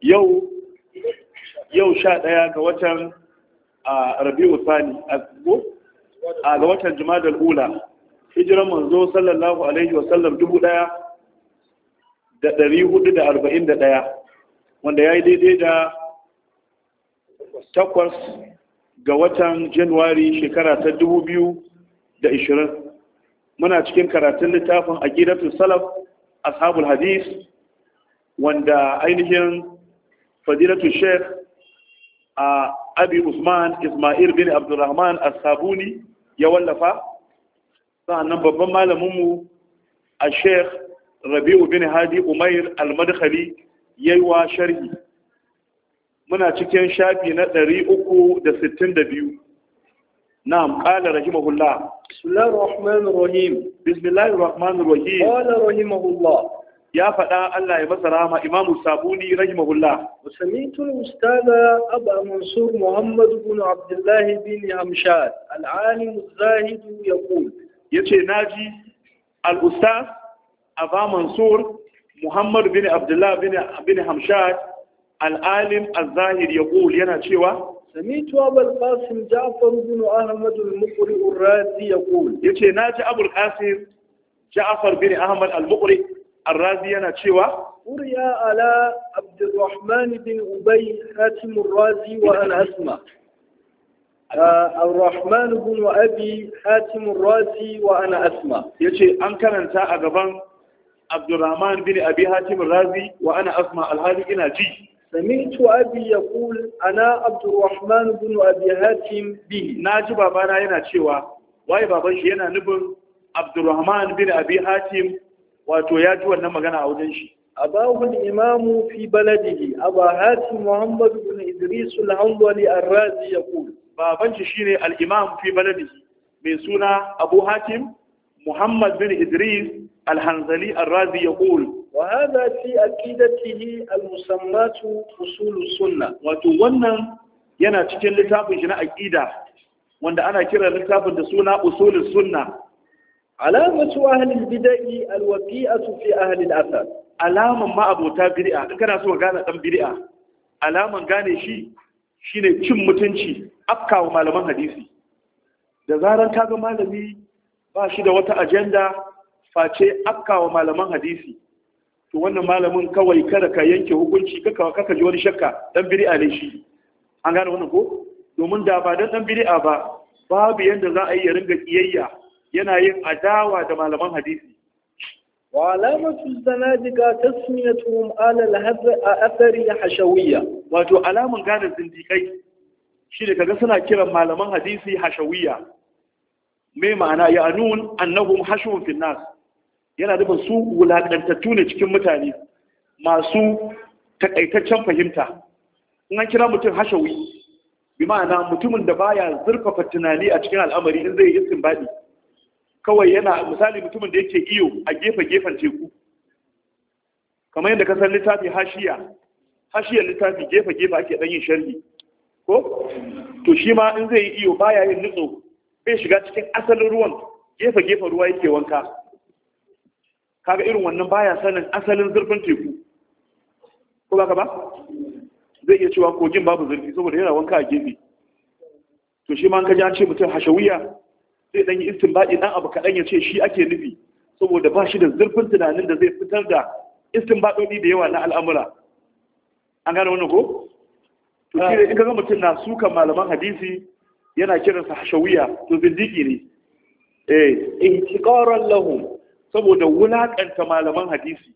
yau yau sha ɗaya ga watan a rabi'u sani a ga watan jimadar ula hijiran manzo sallallahu alaihi wasallam dubu ɗaya da ɗari hudu da arba'in da ɗaya wanda ya yi daidai da takwas ga watan januwari shekara ta dubu biyu da ishirin muna cikin karatun littafin aqidatul salaf ashabul hadis wanda ainihin fadilatu sheikh a abi usman ismail bin abdurrahman as-sabuni ya wallafa sa'annan babban malaminmu a sheikh rabi'u bin hadi umair al-madkhali yi wa sharhi muna cikin shafi na 362 نعم قال رحمه الله بسم الله الرحمن الرحيم بسم الله الرحمن الرحيم قال رحمه الله ya faɗa Allah ya masa rama imamu sabuni rahimahullah samitul ustaza aba mansur muhammad bin abdullah bin hamshad al-alim ya zahid yaqul yace naji al-ustaz aba mansur muhammad bin abdullah bin bin hamshad al-alim az-zahid yaqul yana cewa سميت أبا القاسم جعفر بن أحمد المقرئ الرازي يقول يتي ناجي أبو القاسم جعفر بن أحمد المقرئ الرازي أنا شوى قرئ على عبد الرحمن بن أبي حاتم الرازي وأنا أسمع الرحمن بن أبي حاتم الرازي وأنا أسمع يجي أنكر أنت أجبان عبد الرحمن بن أبي حاتم الرازي وأنا أسمع الهادي إن جي سمعت أبي يقول أنا عبد الرحمن بن أبي حاتم به ناجي بابانا ينا شوى واي بابا ينا نبن عبد الرحمن بن أبي حاتم wato ya ji wannan magana a wajen shi أباه الإمام في بلده أبا هاتم محمد بن إدريس الحنظلي الرازي يقول بابن شيني الإمام في بلده من سنة أبو هاتم محمد بن إدريس الحنظلي الرازي يقول وهذا في أكيدته المسماة أصول السنة وتونا ينا تكن لتابن جنا أكيدة وأن أنا كرا لتابن سنة أصول السنة alamatu ahlil bid'i alwaqi'atu fi ahli al-athar alaman ma abota bid'a in kana so gane dan bid'a alaman gane shi shine cin mutunci afkawa malaman hadisi da zaran kaga malami ba shi da wata ajanda face afkawa malaman hadisi to wannan malamin kawai kada ka yanke hukunci kaka kaka ji wani shakka dan bid'a ne shi an gane wannan ko domin da ba dan dan bid'a ba babu yanda za a yi ya ringa kiyayya yana yin adawa da malaman hadisi wa alamatu zanadika tasmiyatuhum ala Asari athari hashawiyya wato alamun gane zindikai shine kaga suna kiran malaman hadisi hashawiyya Me ma'ana ya anun annahum hashun fil yana da su wulakantattu ne cikin mutane masu takaitaccen fahimta in an kira mutum hashawi bi ma'ana mutumin da baya zurfafa tunani a cikin al'amari in zai yi istinbadi kawai yana misali mutumin da yake iyo a gefe-gefen teku kamar yadda kasar littafi hashiya hashiyar littafi gefe-gefe ake ɗan yin sharhi ko to shi ma in zai yi iyo baya yin nutso bai shiga cikin asalin ruwan gefe-gefe ruwa yake wanka kaga irin wannan baya sanin asalin zurfin teku ko ba ka ba zai iya cewa kogin babu zurfi saboda yana wanka a gefe to shi ma an kaji an ce mutum hashawiya sai dan yi istinbadi dan abu kaɗan ya ce shi ake nufi saboda ba shi da zurfin tunanin da zai fitar da istinbadodi da yawa na al'amura an gane wannan ko to shi in ga mutum na suka malaman hadisi yana kiransa hashawiya to zindiki ne eh intiqaran lahum saboda wulakanta malaman hadisi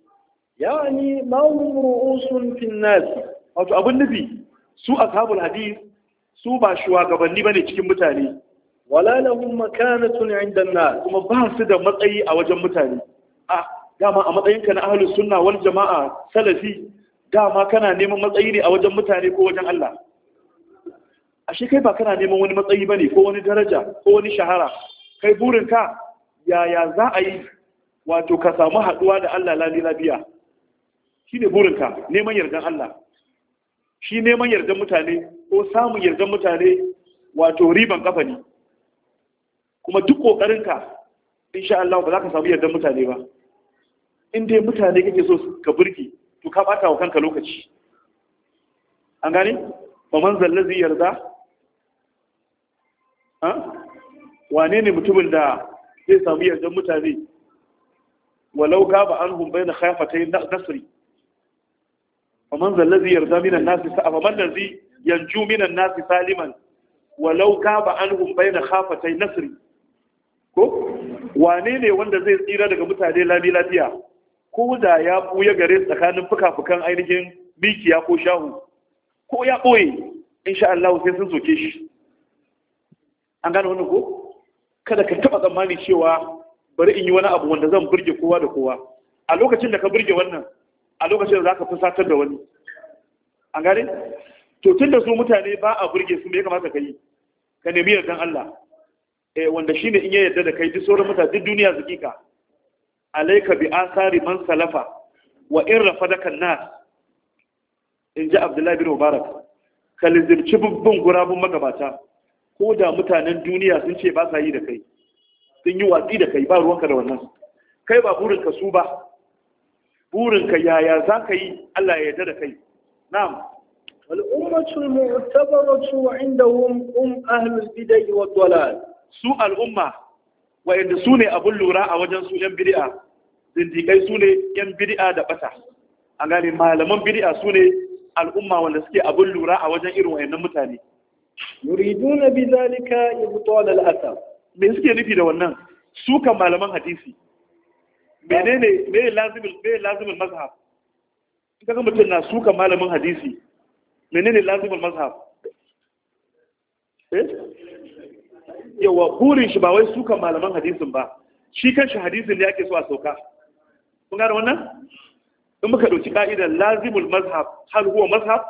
yani mahum ru'usun fin nas wato abin nufi su ashabul hadis su ba shugabanni bane cikin mutane wala lahum makanatun 'inda yin nas kuma ba su da matsayi a wajen mutane a dama a matsayinka na ahlus sunna wal jama'a salafi dama kana neman matsayi ne a wajen mutane ko wajen Allah ashe kai ba kana neman wani matsayi bane ko wani daraja ko wani shahara kai burinka yaya za a yi wato ka samu haduwa da Allah lali Shi ne burinka neman yardan Allah shi neman yardan mutane ko samun yardan mutane wato riban kafa ne kuma duk ƙoƙarinka insha Allah ba za ka samu yardar mutane ba in dai mutane kake so ka burge to ka bata wa kanka lokaci an gane ba man zallazi yarda ha wane ne mutumin da zai samu yardar mutane walau gaba an hum bayna khayafatay nasri Ba man zallazi yarda minan nasi ba man zallazi yanju minan nasi saliman walau gaba an hum bayna khafatay nasri ko wane ne wanda zai tsira daga mutane lami lafiya ko da ya buya gare tsakanin fuka-fukan ainihin mikiya ko shahu ko ya ɓoye insha Allah sai sun soke shi an gane wannan ko kada ka taɓa tsammani cewa bari in yi wani abu wanda zan burge kowa da kowa a lokacin da ka burge wannan a lokacin da za ka fusatar da wani an gane to tun da su mutane ba a burge su me ya kamata ka yi ka nemi yardan Allah eh wanda shine in ya yarda da kai duk sauran mutane duk duniya su ka. alayka bi asari man salafa wa in kan nas in ji abdullahi bin mubarak kalizirci lizirci gurabun magabata ko da mutanen duniya sun ce ba sa yi da kai sun yi watsi da kai ba ruwanka da wannan kai ba burinka su ba burinka yaya za ka yi Allah ya yarda da kai na'am al'ummatul mu'tabaratu 'indahum um ahlul bidai wa dalal su al'umma wa'inda su ne abin lura a wajen su ‘yan bid'a zindikai su ne ‘yan bid'a da ɓata. A gani malaman bid'a su ne al'umma wanda suke abin lura a wajen irin wa'innan mutane yuriduna bi zalika ibtal al-athar me suke nufi da wannan su kan malaman hadisi menene me lazimul me lazimul mazhab in kaga mutum na su kan malamin hadisi ne lazimul mazhab eh yawa burin shi ba wai sukan malaman hadisin ba shi shi hadisin da yake so a sauka kun gane wannan in muka dauki ka'idar lazimul mazhab hal huwa mazhab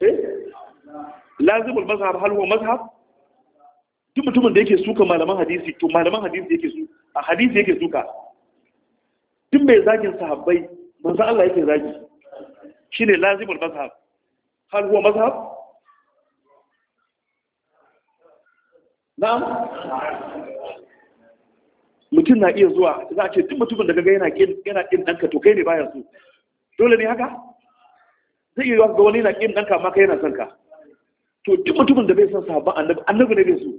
eh lazimul mazhab hal huwa mazhab duk mutumin da yake suka malaman hadisi to malaman hadisi yake su a hadisi yake suka duk mai zagin sahabbai manzo Allah yake zagi shine lazimul mazhab hal huwa mazhab na'am mutum na iya zuwa za a ce tun mutumin da gaya yana ƙin ɗanka, to kai ne bayan su dole ne haka zai iya ga wani yana ƙin ɗanka, amma kai yana son ka to tun mutumin da bai son sahabban annabi annabi ne bai su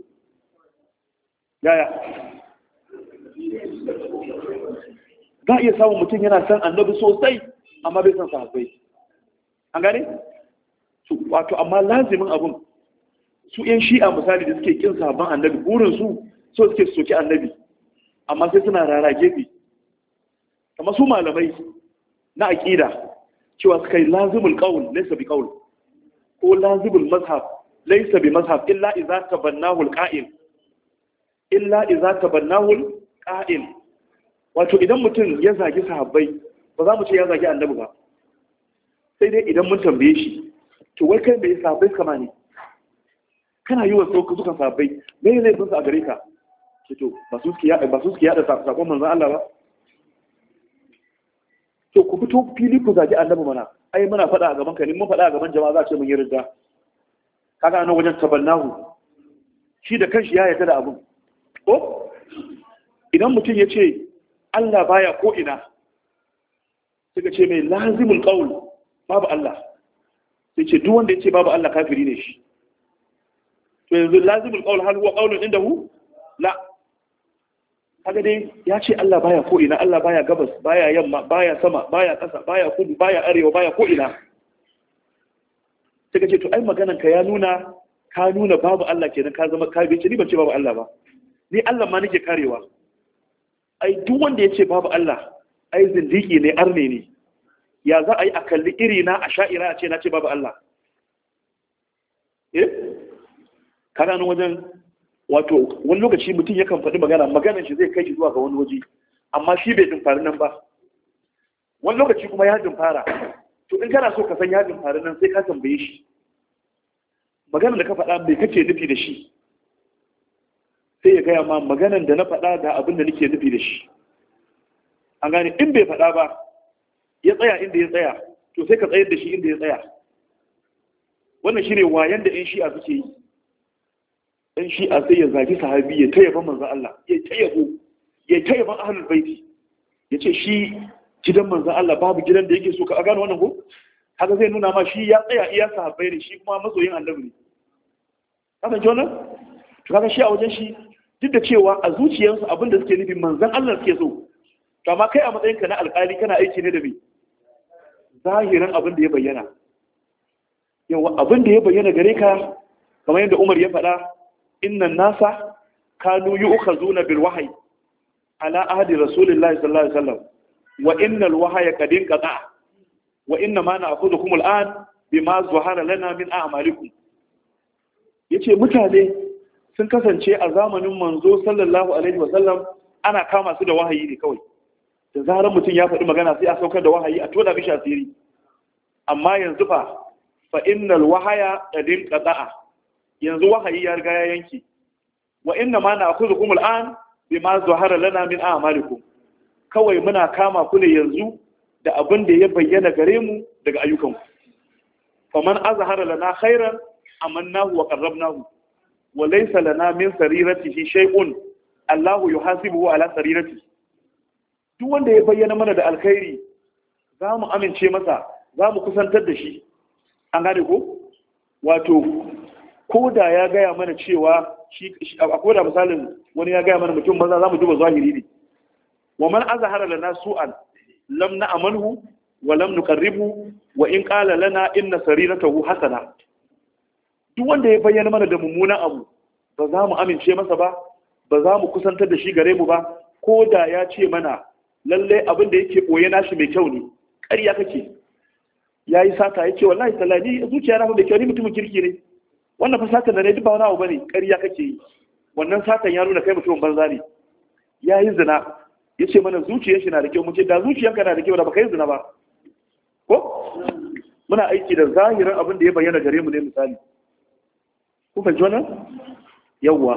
yaya za a iya samun mutum yana son annabi sosai amma bai son sahabbai an gane wato amma lazimin abun su yan shi'a misali da suke kin sabon annabi burin su so suke soki annabi amma sai suna rara gefe kamar su malamai na aqida cewa suka yi lazimul qaul laysa bi qaul ko lazimul mazhab laysa bi mazhab illa idza tabannahu alqa'il illa idza tabannahu alqa'il wato idan mutum ya zagi sahabbai ba za mu ce ya zagi annabi ba sai dai idan mun tambaye shi to wai kai bai sahabbai kama ne kana yi wa dukan sabai? me ne sun sa a gare ka to ba su suke yada ba sakon manzon Allah ba to ku fito fili ku zaji annabi mana ai muna faɗa a gaban kai, ne mun faɗa a gaban jama'a za a ce mun yi ridda kaga nan wajen tabannahu shi da kanshi ya yarda da abun ko idan mutum ya ce Allah baya ko ina suka ce mai lazimul qaul babu Allah sai ce duk wanda ya ce babu Allah kafiri ne shi to yanzu lazimul qawl hal huwa qawlun indahu la kaga dai ya ce Allah baya ko ina Allah baya gabas baya yamma baya sama baya ƙasa baya kudu baya arewa baya ko ina sai ce to ai maganan ka ya nuna ka nuna babu Allah kenan ka zama ka bi ni ban ce babu Allah ba ni Allah ma nake karewa ai duk wanda ya ce babu Allah ai zindiki ne arne ne ya za a yi a kalli iri na a sha'ira a ce na ce babu Allah eh kana nan wajen wato wani lokaci mutum yakan faɗi magana maganar shi zai kai shi zuwa ga wani waje amma shi bai dumfari nan ba wani lokaci kuma ya dumfara to in kana so ka san ya dumfari nan sai ka tambaye shi maganar da ka faɗa bai kace nufi da shi sai ya gaya ma maganar da na faɗa da abin da nake nufi da shi an gane in bai faɗa ba ya tsaya inda ya tsaya to sai ka tsayar da shi inda ya tsaya wannan shine wayan da in a suke yi dan shi a sai ya zagi sahabi ya tayyaba manzon Allah ya tayyabo ya tayyaba ahlul baiti yace shi gidan manzon Allah babu gidan da yake so ka gano wannan ko haka zai nuna ma shi ya tsaya iya sahabbai ne shi kuma masoyin annabi ne kasan jona to kaga shi a wajen shi duk da cewa a zuciyarsu abin da suke nufi manzan Allah suke so to amma kai a matsayin ka na alƙali kana aiki ne da me zahirin abin da ya bayyana yawa abin da ya bayyana gare ka kamar yadda Umar ya faɗa innan nasa kanu yu'khazuna bil wahyi ala ahdi rasulillahi sallallahu alaihi wasallam wa innal wahya qad inqata wa inna ma na'khudhukum al'an bima zuhara lana min a'malikum yace mutane sun kasance a zamanin manzo sallallahu alaihi wasallam ana kama su da wahayi ne kawai da zarar mutum ya faɗi magana sai a saukar da wahayi a tona mishi asiri amma yanzu fa fa innal wahaya qad inqata yanzu wahayi ya riga ya yanke. wa inna ma na akuzu kumul an bi ma zuhara lana min a'malikum kawai muna kama ku ne yanzu da abin da ya bayyana gare mu daga ayyukan ayyukanku faman azhara lana khairan amannahu wa qarrabnahu wa laysa lana min sariratihi shay'un Allahu yuhasibuhu ala sariratihi duk wanda ya bayyana mana da alkhairi za mu amince masa za mu kusantar da shi an gane ko wato ko da ya gaya mana cewa a koda misalin wani ya gaya mana mutum maza za mu duba zahiri ne wa man azhara lana su'an lam na'amalu wa lam nuqarribu wa in qala lana inna sariratahu hasana duk wanda ya bayyana mana da mummunan abu ba za mu amince masa ba ba za mu kusantar da shi gare mu ba Koda ya ce mana lallai abin da yake boye nashi mai kyau ne ƙarya kake yayi sata yake wallahi talani zuciya na da kyau ni mutumin kirki ne wannan fa satan da ne duk ba wani abu bane ƙarya kake yi wannan satan ya nuna kai mutumin banza ne ya yi zina ya ce mana zuciyar shi na da kyau Mu ce da zuciyarka na da kyau da baka yi zina ba ko muna aiki da zahirin abin da ya bayyana gare mu ne misali ku fahimci wannan yawwa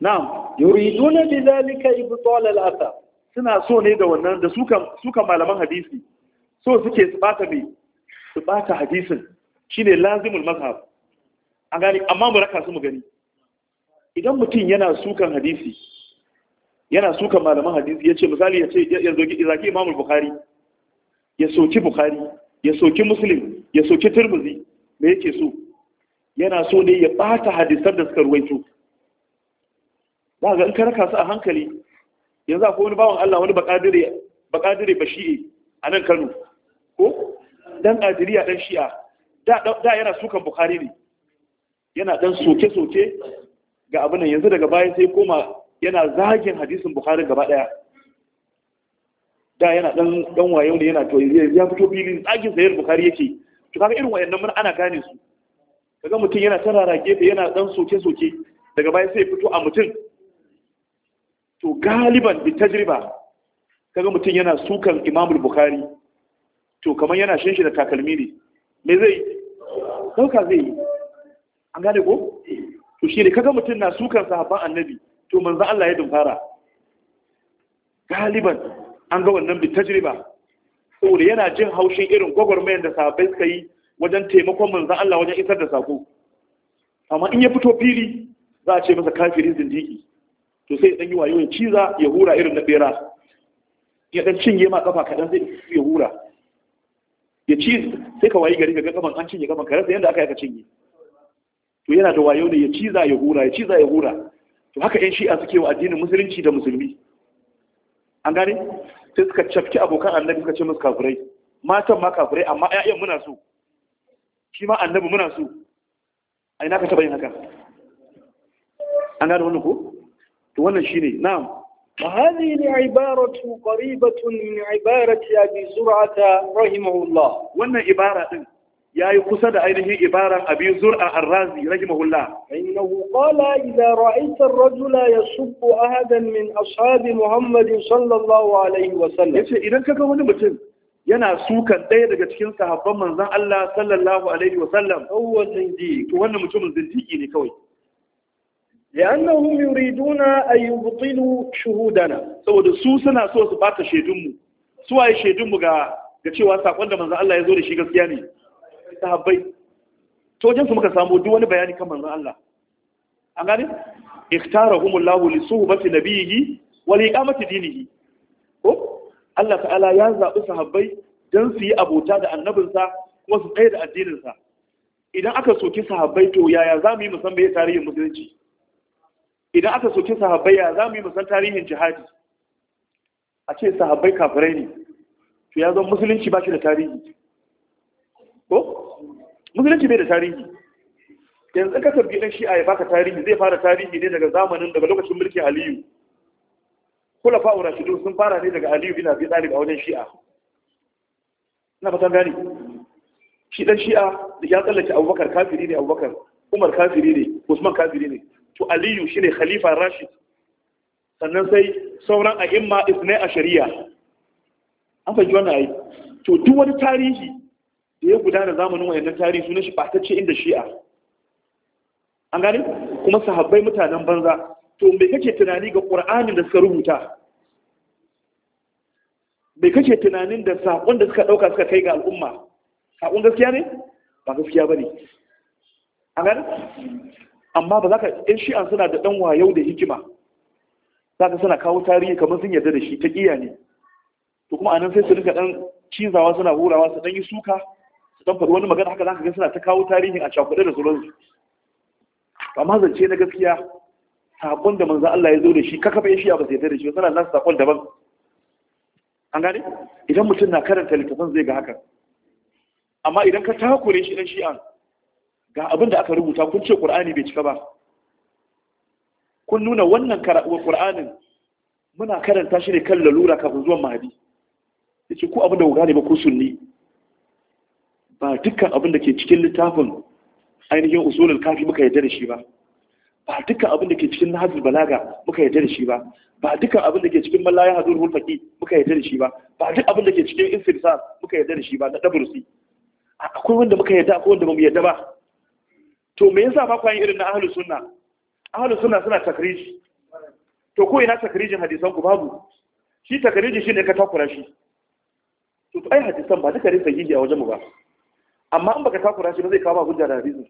na'am yuriduna bi zalika ibtal al asa suna so ne da wannan da suka malaman hadisi so suke su bata mai su bata hadisin shine lazimul mazhab an gani amma mu raka su mu gani idan mutum yana sukan hadisi yana sukan malaman hadisi ya ce misali ya ce ya zoki izaki imamul bukhari ya soki bukhari ya soki muslim ya soki turmuzi me yake so yana so ne ya bata hadisan da suka ruwaito za ga in ka raka su a hankali yanzu akwai wani bawan Allah wani bakadire bakadire bashi'i a nan Kano ko dan adiriya dan shi'a da yana sukan bukhari ne yana dan soke-soke ga abin nan yanzu daga baya sai koma yana zagin hadisin bukhari gaba daya da yana dan dan wayo ne yana to ya fito filin zagin sayar bukhari yake to kaga irin wayannan mun ana gane su kaga mutum yana tarara gefe yana dan soke-soke daga baya sai fito a mutum to galiban bi tajriba kaga mutum yana sukan imamul bukhari to kamar yana shin shi da takalmi ne me zai dauka zai yi an gane ko to shi ne kaga mutum na sukan sahabban annabi to manzo Allah ya dumfara galiban an ga wannan bi tajriba saboda yana jin haushin irin gwagwarmayar da sahabbai suka yi wajen taimakon manzo Allah wajen isar da sako amma in ya fito fili za a ce masa kafirin zindiki to sai dan yi wayo ya ciza ya hura irin na bera ya dan cinye ma kafa kadan zai ya hura ya ci sai ka wayi gari ga gaban an cinye gaban ka rasa yanda aka yi ka cinye to yana da wayo ne ya ciza ya hura ya ciza ya hura to haka yan shi'a suke wa addinin musulunci da musulmi an gane sai suka cafki abokan annabi suka ce musu kafirai matan ma kafirai amma ƴaƴan muna so shi ma annabi muna so a ina ka taɓa yin haka an gane wannan ko to wannan shine na'am وهذه العبارة قريبة من عبارة أبي زرعة رحمه الله وأن عبارة Ya yi kusa da ainihin ibaran abi zur'a ar-razi rahimahullah innahu qala idza ra'aita ar-rajula yasubbu ahadan min ashabi muhammadin sallallahu alaihi wa sallam yace idan kaga wani mutum yana sukan ɗaya daga cikin sahabban manzon Allah sallallahu alaihi wa sallam huwa zindiq to wannan mutumin zindiki ne kawai لأنهم يريدون أن يبطلوا شهودنا saboda su suna so su bata shaidunmu su waye shaidunmu ga ga cewa sakon da manzon Allah ya zo da shi gaskiya ne sahabbai to wajen su muka samu duk wani bayani kan manzon Allah an gane ikhtarahumullahu li suhbati nabiyhi wa li iqamati dinihi ko Allah ta'ala ya zabi sahabbai dan su yi abota da annabinsa kuma su tsaye da addininsa idan aka soki sahabbai to yaya za mu yi musan bai tarihin musulunci idan aka soki sahabbai ya za mu yi musan tarihin jihadi a ce sahabbai kafirai ne to ya zama musulunci ba shi da tarihi musulunci bai da tarihi yanzu ka tabbi dan shi'a ya baka tarihi zai fara tarihi ne daga zamanin daga lokacin mulkin aliyu Kula kulafa shidu sun fara ne daga aliyu bin abi talib a wajen shi'a ina fatan gani shi dan shi'a da ya tsallake abubakar kafiri ne abubakar umar kafiri ne usman kafiri ne to aliyu shine khalifa rashid sannan sai sauran a'imma isnai a shari'a an fahimci wannan ayi to duk wani tarihi da ya gudana zamanin wayannan tarihi sunan shi ɓatacce inda shi'a an gane kuma sahabbai mutanen banza to me kake tunani ga ƙur'anin da suka rubuta me kake tunanin da saƙon da suka ɗauka suka kai ga al'umma saƙon gaskiya ne ba gaskiya ba ne an gane amma ba za ka ɗan shi'an suna da ɗan wayau da hikima za ka suna kawo tarihi kamar sun yarda da shi ta ƙiya ne to kuma anan sai su rika ɗan cizawa suna hurawa su ɗan yi suka sun faɗi wani magana haka zaka ga suna ta kawo tarihin a cakuɗe da sauransu amma zance na gaskiya sakon da manzo Allah ya zo da shi kaka bai shi ba sai da shi suna nan sakon daban an gane idan mutum na karanta littafin zai ga haka amma idan ka takure shi dan shi'an ga abin da aka rubuta kun ce Qur'ani bai cika ba kun nuna wannan Qur'anin muna karanta shi ne kan lalura kafin zuwan mahadi yace ku abin da ku gane ba ku sunni ba dukkan abin da ke cikin littafin ainihin usulul kafi muka yarda da shi ba ba dukkan abin da ke cikin nahjul balaga muka yarda da shi ba ba dukkan abin da ke cikin mallaya hadurul faqi muka yarda da shi ba ba duk abin da ke cikin insirsal muka yarda da shi ba na dabrusi akwai wanda muka yarda akwai wanda bamu yarda ba to me yasa ba ku irin na ahlus sunna ahlus sunna suna takriji to ko ina takrijin hadisan ku babu shi takriji shine ka takura shi to ai hadisan ba duka rin sahihi a wajen mu ba amma in baka takura shi ba zai kawo hujja da hadisin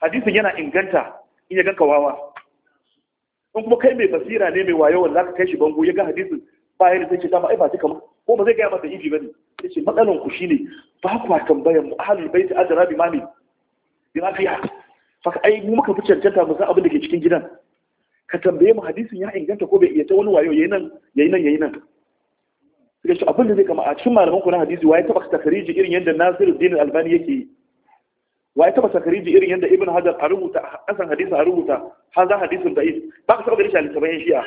hadisin yana inganta in ya ganka wawa in kuma kai mai basira ne mai wayo wanda zaka kai shi bango ya ga hadisin ba yana sai ce ta ai ba duka ko ba zai gaya masa ibi bane sai ce matsalan ku shine ba ku tambayar mu ahlul bait ajra bi mani bi ma fiya fa ai mu muka fi cancanta mu san abin da ke cikin gidan ka tambaye mu hadisin ya inganta ko bai iya ta wani wayo yayin nan yayin nan yayin nan suka ce abin da zai kama a cikin malaman ku na hadisi waye taba takariji irin yadda Nasiruddin Albani yake yi waye taba takariji irin yadda Ibn Hajar a rubuta asan hadisi a rubuta haza hadisin da'if ba ka taba ganin shi a littafin shi'a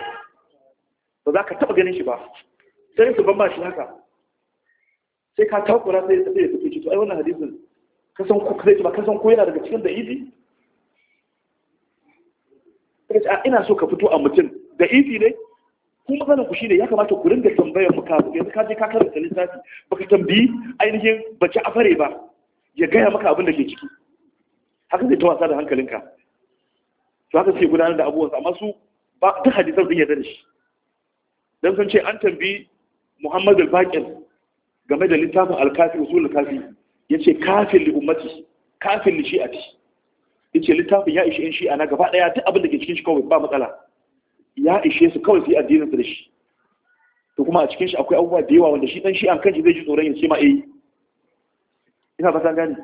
ba za ka taba ganin shi ba sai su ban shi haka sai ka takura sai sai ya ci, to ai wannan hadisin ka san ko kai ba ka san ko yana daga cikin da'ifi kace ina so ka fito a mutum da'ifi ne ku matsalan ku shine ya kamata ku ringa tambayar mu kafin yanzu ka je ka karanta littafi baka tambayi ainihin bace a fare ba ya gaya maka abin da ke ciki haka zai ta wasa da hankalinka to haka sai gudanar da abubuwansa amma su ba duk hadisan sun yarda da shi dan sun ce an tambayi Muhammad al-Baqir game da littafin al-Kafi usul al-Kafi yace kafin li ummati kafin li shi'ati yace littafin ya ishi in shi'a na gaba daya duk abin da ke cikin shi kawai ba matsala ya ishe su kawai su yi addinin da shi to kuma a cikin shi akwai abubuwa da yawa wanda shi dan shi an kanshi zai ji tsoron ya ce ma eh ina fatan gani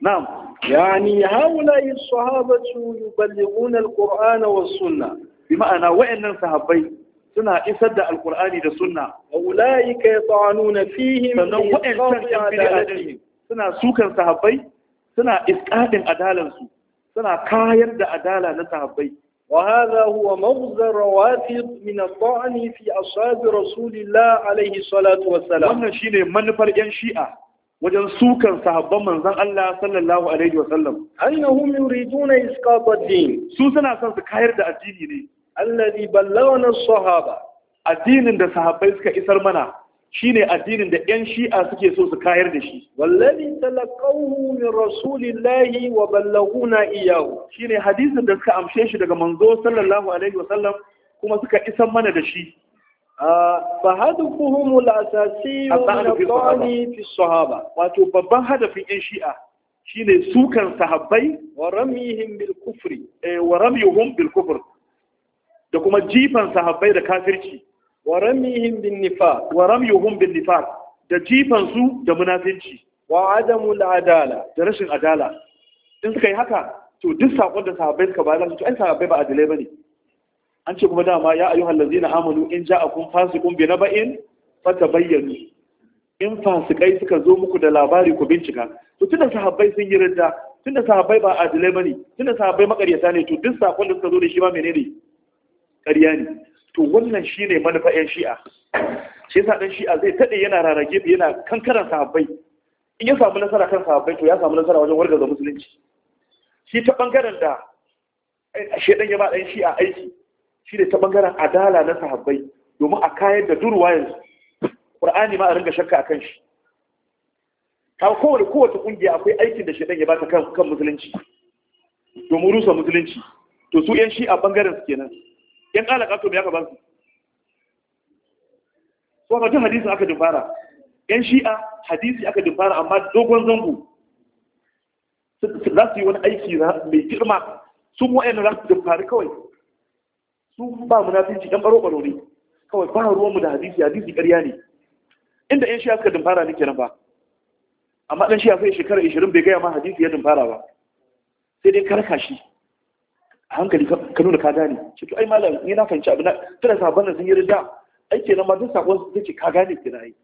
na'am yani haula'i sahabatu yuballighuna alqur'ana was sunna bi ma'ana wa'annan sahabbai suna isar da alqur'ani da sunna ulaika yata'anuna fihim sannan wa'annan yan bid'a suna sukan sahabbai suna isqadin adalansu suna kayar da adala na sahabbai وهذا هو مغزى الروافض من الطعن في أصحاب رسول الله عليه الصلاة والسلام wannan shine manufar yan shi'a wajen sukan sahabban manzon Allah sallallahu alaihi wasallam annahum yuriduna isqat ad-din su suna son su kayar da addini ne alladhi ballagana as-sahaba addinin da sahabai suka isar mana Shi ne addinin da yan shi'a suke so su kayar da shi wallahi talaqahu min rasulillahi wa ballaguna iyahu ne hadisin da suka amshe shi daga manzo sallallahu alaihi wa sallam kuma suka isan mana da shi fa hadufuhum al-asasi min fi sahaba wato babban hadafin yan shi'a shine sukan sahabbai wa eh, da kuma jifan sahabbai da kafirci wa ramyihim bin nifaq wa ramyuhum bin nifaq da jifan su da munafinci wa adamul adala da rashin adala in suka yi haka to duk sakon da sahabbai suka bayar su to ai sahabbai ba adalai bane an ce kuma dama ya ayyuhal ladzina amanu in ja'akum fasiqun bi naba'in fatabayyanu in fasikai suka zo muku da labari ku bincika to tunda sahabbai sun yi ridda tunda sahabbai ba adalai bane tunda sahabbai makaryata ne to duk sakon da suka zo da shi ma menene ƙarya ne to wannan ne manufa yan shi'a shi yasa dan shi'a zai taɗe yana rarage yana kankaran sahabbai in ya samu nasara kan sahabbai to ya samu nasara wajen wargaza musulunci shi ta ɓangaren da eh, ɗan ya ba dan shi'a aiki shi ne ta bangaren adala na sahabbai domin a kayar da durwa yanzu qur'ani ma a ringa shakka akan shi kawo kowace kowace kungiya akwai aikin da shedan ya ba ta kan musulunci domin rusa musulunci to su yan shi'a bangaren su kenan yan kala kato me aka ba su so ka ji hadisi aka dubara yan shi'a hadisi aka dubara amma dogon zango za su yi wani aiki mai girma sun wa'yan za su dubari kawai su ba munafinci yan baro baro ne kawai ba ruwanmu da hadisi hadisi ƙarya ne inda yan shi'a suka dubara ne kenan ba amma dan shi'a sai shekara 20 bai gaya ma hadisi ya dubara ba sai dai karka shi a hankali ka nuna ka gane ce to ai malam ni na fahimci abin tana sabon da sun yi rida ai kenan ma duk sakon su ce ka gane kina yi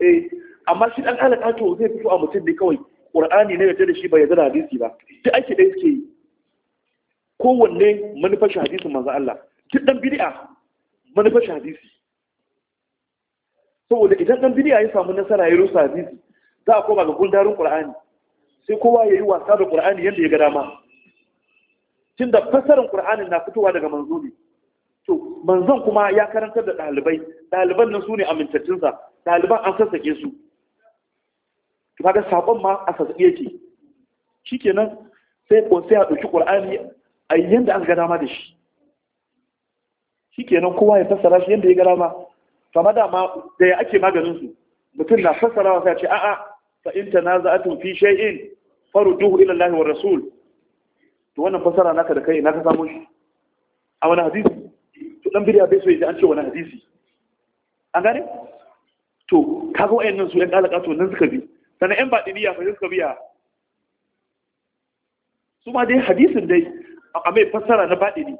eh amma shi dan alaka to zai fito a mutum ne kawai qur'ani ne yadda shi bai yarda hadisi ba duk ake dai suke yi kowanne manufar shi hadisin manzo Allah duk dan bid'a manufar shi hadisi saboda idan dan bid'a ya samu nasara ya rusa hadisi za a koma ga gundarin qur'ani sai kowa ya yi wasa da qur'ani yadda ya ga dama tunda fasarin ƙur'ani na fitowa daga manzo ne to manzon kuma ya karantar da ɗalibai ɗaliban nan su ne amintattunsa ɗaliban an sassaƙe su to kaga saƙon ma a sassaƙe yake shikenan sai ko sai a ɗauki Qur'ani a yanda aka ga dama da shi shikenan kowa ya fassara shi yanda ya ga dama kama da ma da ya ake maganin su mutum na fassara wa ya ce a'a fa in tanaza'atum fi shay'in faru ila Allah wa rasul to wannan fasara naka da kai naka samu shi a wani hadisi to dan bidiya bai so yaji an ce wani hadisi an gane to kaga wayannan su yan dalaka to nan suka bi sannan yan badiniya fa suka biya su ma dai hadisin dai a mai fasara na badini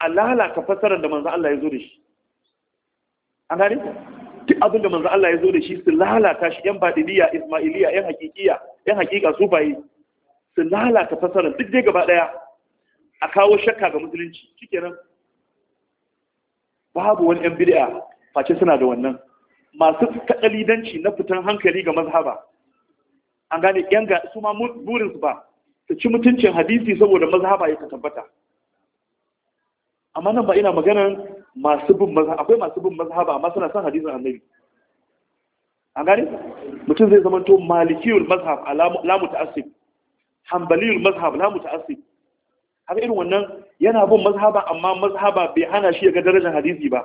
Allah ka fasaran da manzo Allah ya zo da shi an gane duk abin da manzo Allah ya zo da shi su lalata shi yan badiniya ismailiya yan hakikiya yan hakika su baye su lalata fasarar duk dai gaba ɗaya a kawo shakka ga musulunci nan babu wani yan bid'a face suna da wannan masu kakalidanci na fitan hankali ga mazhaba an gane yan ga su ma burin su ba su ci mutuncin hadisi saboda mazhaba ya tabbata amma nan ba ina magana masu bin mazhaba akwai masu bin mazhaba amma suna son hadisin annabi an gane mutum zai zama to malikiyul mazhab ala mu ta'assib hanbaliyul mazhab la muta'assib har irin wannan yana bin mazhaba amma mazhaba bai hana shi ga darajar hadisi ba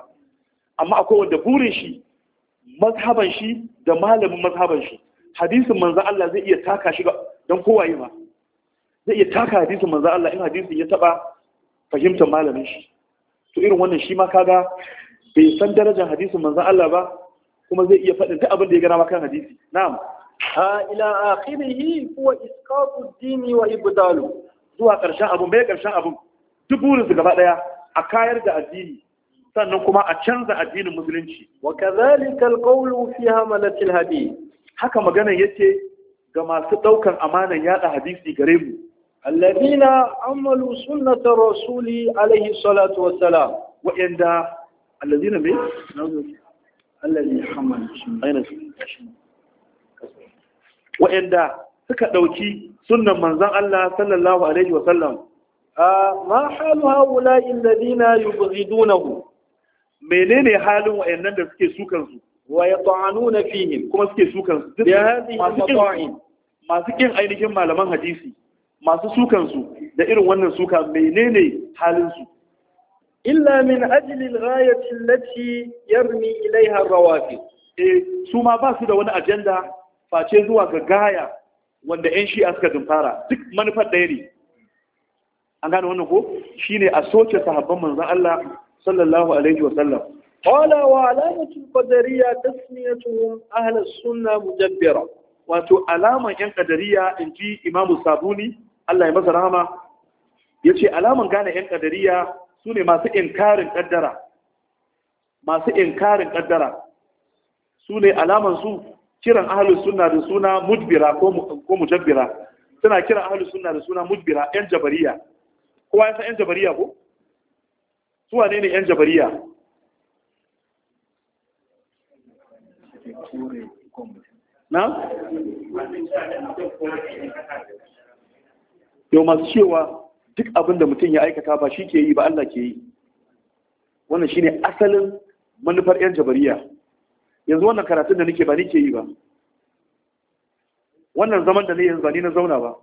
amma akwai wanda burin shi mazhaban shi da malamin mazhaban shi hadisin manzo Allah zai iya taka shi dan kowaye ma zai iya taka hadisin manzo Allah in hadisin ya taba fahimtar malamin shi to irin wannan shi ma kaga bai san darajar hadisin manzo Allah ba kuma zai iya faɗin duk abin da ya gana ma kan hadisi na'am ha ila akhirihi huwa isqatu dini din wa ibdalu zuwa karshen abun bai karshen abun duk burin su gaba daya a kayar da addini sannan kuma a canza addinin musulunci wa kadhalika al-qawlu fi hamalati al-hadith haka magana yace ga masu daukan amanan yada hadisi gare mu alladhina amalu sunnata rasuli alaihi salatu wassalam wa inda alladhina bi alladhi hamal aina wa'anda suka ɗauki sunan manzan Allah sallallahu alaihi wa sallam ma halu haula alladhina yubghidunahu menene halin wa'annan da suke sukan su wa yata'anuna fihin, kuma suke sukan su masu kin ainihin malaman hadisi masu sukan su da irin wannan suka menene halin su illa min ajli al-ghayati allati yarmi ilaiha har rawafid eh su ma ba su da wani ajanda face zuwa ga gaya wanda 'yan shi'a suka dumfara duk manufar ɗaya ne an gane wannan ko ne a soke sahabban manzan Allah sallallahu alaihi wa sallam qala wa alamatul qadariyya tasmiyatuhum ahalar suna mujabbera wato alaman yan in ji imamu sabuni Allah ya masa rahama ce alaman gane yan su ne masu inkarin kaddara masu inkarin kaddara sune alaman su kiran ahalus sunna da suna mujbira ko ko mujabbira suna kiran ahalus sunna da suna mujbira yan jabariya kowa ya san yan jabariya ko su wane ne yan jabariya na yau masu cewa duk abin da mutum ya aikata ba shi ke yi ba Allah ke yi wannan shine asalin manufar yan jabariya yanzu wannan karatun da nake ba nike yi ba wannan zaman da ne yanzu ba ni na zauna ba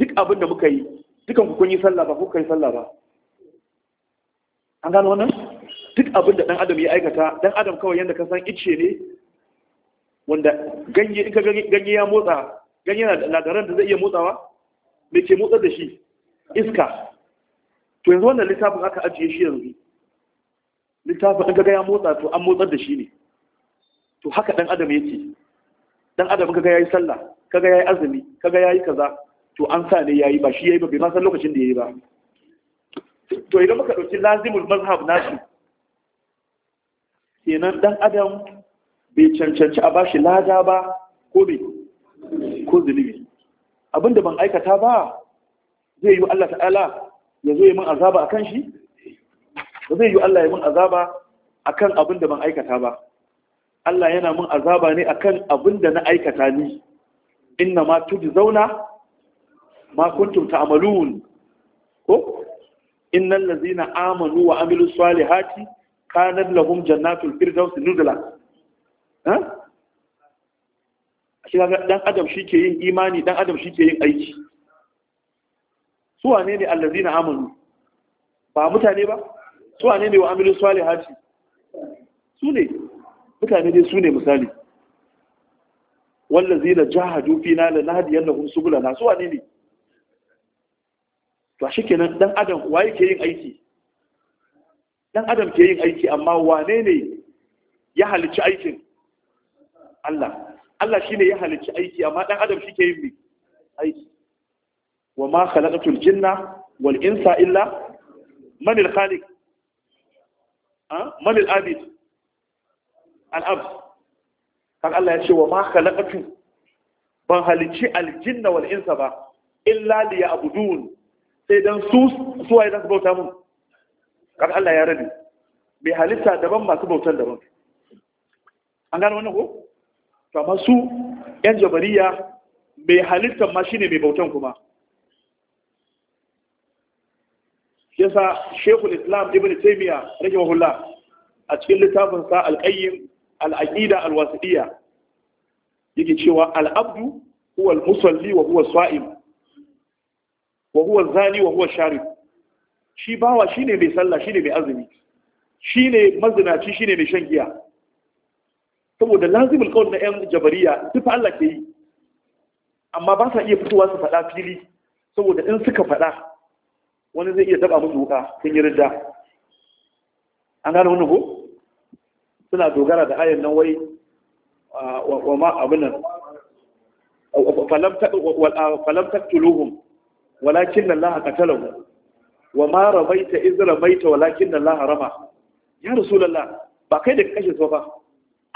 duk abin da muka yi dukan ku kun yi sallah ba kuka yi sallah ba an gano wannan duk abin da dan adam ya aikata dan adam kawai yanda ka san ice ne wanda ganye in ka ganye ya motsa ganye na da ran da zai iya motsawa me ke motsar da shi iska to yanzu wannan littafin aka ajiye shi yanzu littafin an gaga ya motsa to an motsar da shi ne to haka dan adam yake dan adam kaga yayi sallah kaga yayi azumi kaga yayi kaza to an sa ne yayi ba shi yayi ba bai ma san lokacin da yayi ba to idan muka dauki lazimul mazhab nashi kenan dan adam bai cancanci a bashi lada ba ko bai ko zulubi abinda ban aikata ba zai yi Allah ta'ala ya zo yi min azaba akan shi ba zai yi Allah ya mun azaba akan abin da ban aikata ba Allah yana mun azaba ne akan abin da na aikata ni inna ma zauna ma kuntum ta'malun ko innal ladzina amanu wa amilus salihati kanat lahum jannatul firdaus nuzula ha shi ga dan adam shike yin imani dan adam shike yin aiki su wane ne allazina amanu ba mutane ba su wane ne wa amilu haci su ne mutane ne su ne misali Wanda zina wallazi na hadiyar da la gula na su wane ne to nan dan adam waye ke yin aiki dan adam ke yin aiki amma wane ne ya halicci aikin Allah Allah shi ne ya halicci aiki amma dan adam shi ke yin aiki wa ma khalaqatul jinna wal insa illa manil khaliq manil abid al'abd kan Allah ya ce wa ma khalaqatu ban halicci aljinna wal insa ba illa li ya'budun sai dan su su waye dan bauta mun kan Allah ya rabi bai halitta daban masu bautan daban an gano wannan ko to amma su yan jabariya mai halittar ma shine mai bautan kuma shi yasa shekul islam ibn taymiya rahimahullah a cikin littafin sa al-qayyim al-aqida al-wasitiyya yake cewa al-abdu huwa al-musalli wa huwa saim wa huwa zani wa huwa sharib shi bawa shine mai sallah shine mai azumi shine mazinaci shine mai shan giya saboda lazimul qaul na yan jabariya duk Allah ke yi amma ba sa iya fitowa su faɗa fili saboda in suka faɗa wani zai iya taba musu wuka sun yi ridda an gane wani ku? suna dogara da ayan nan wai wa ma abin nan falam taqtuluhum walakin Allah qatalahum wa ma rabaita iz rabaita walakin Allah rama ya rasulullah ba kai da kashe su ba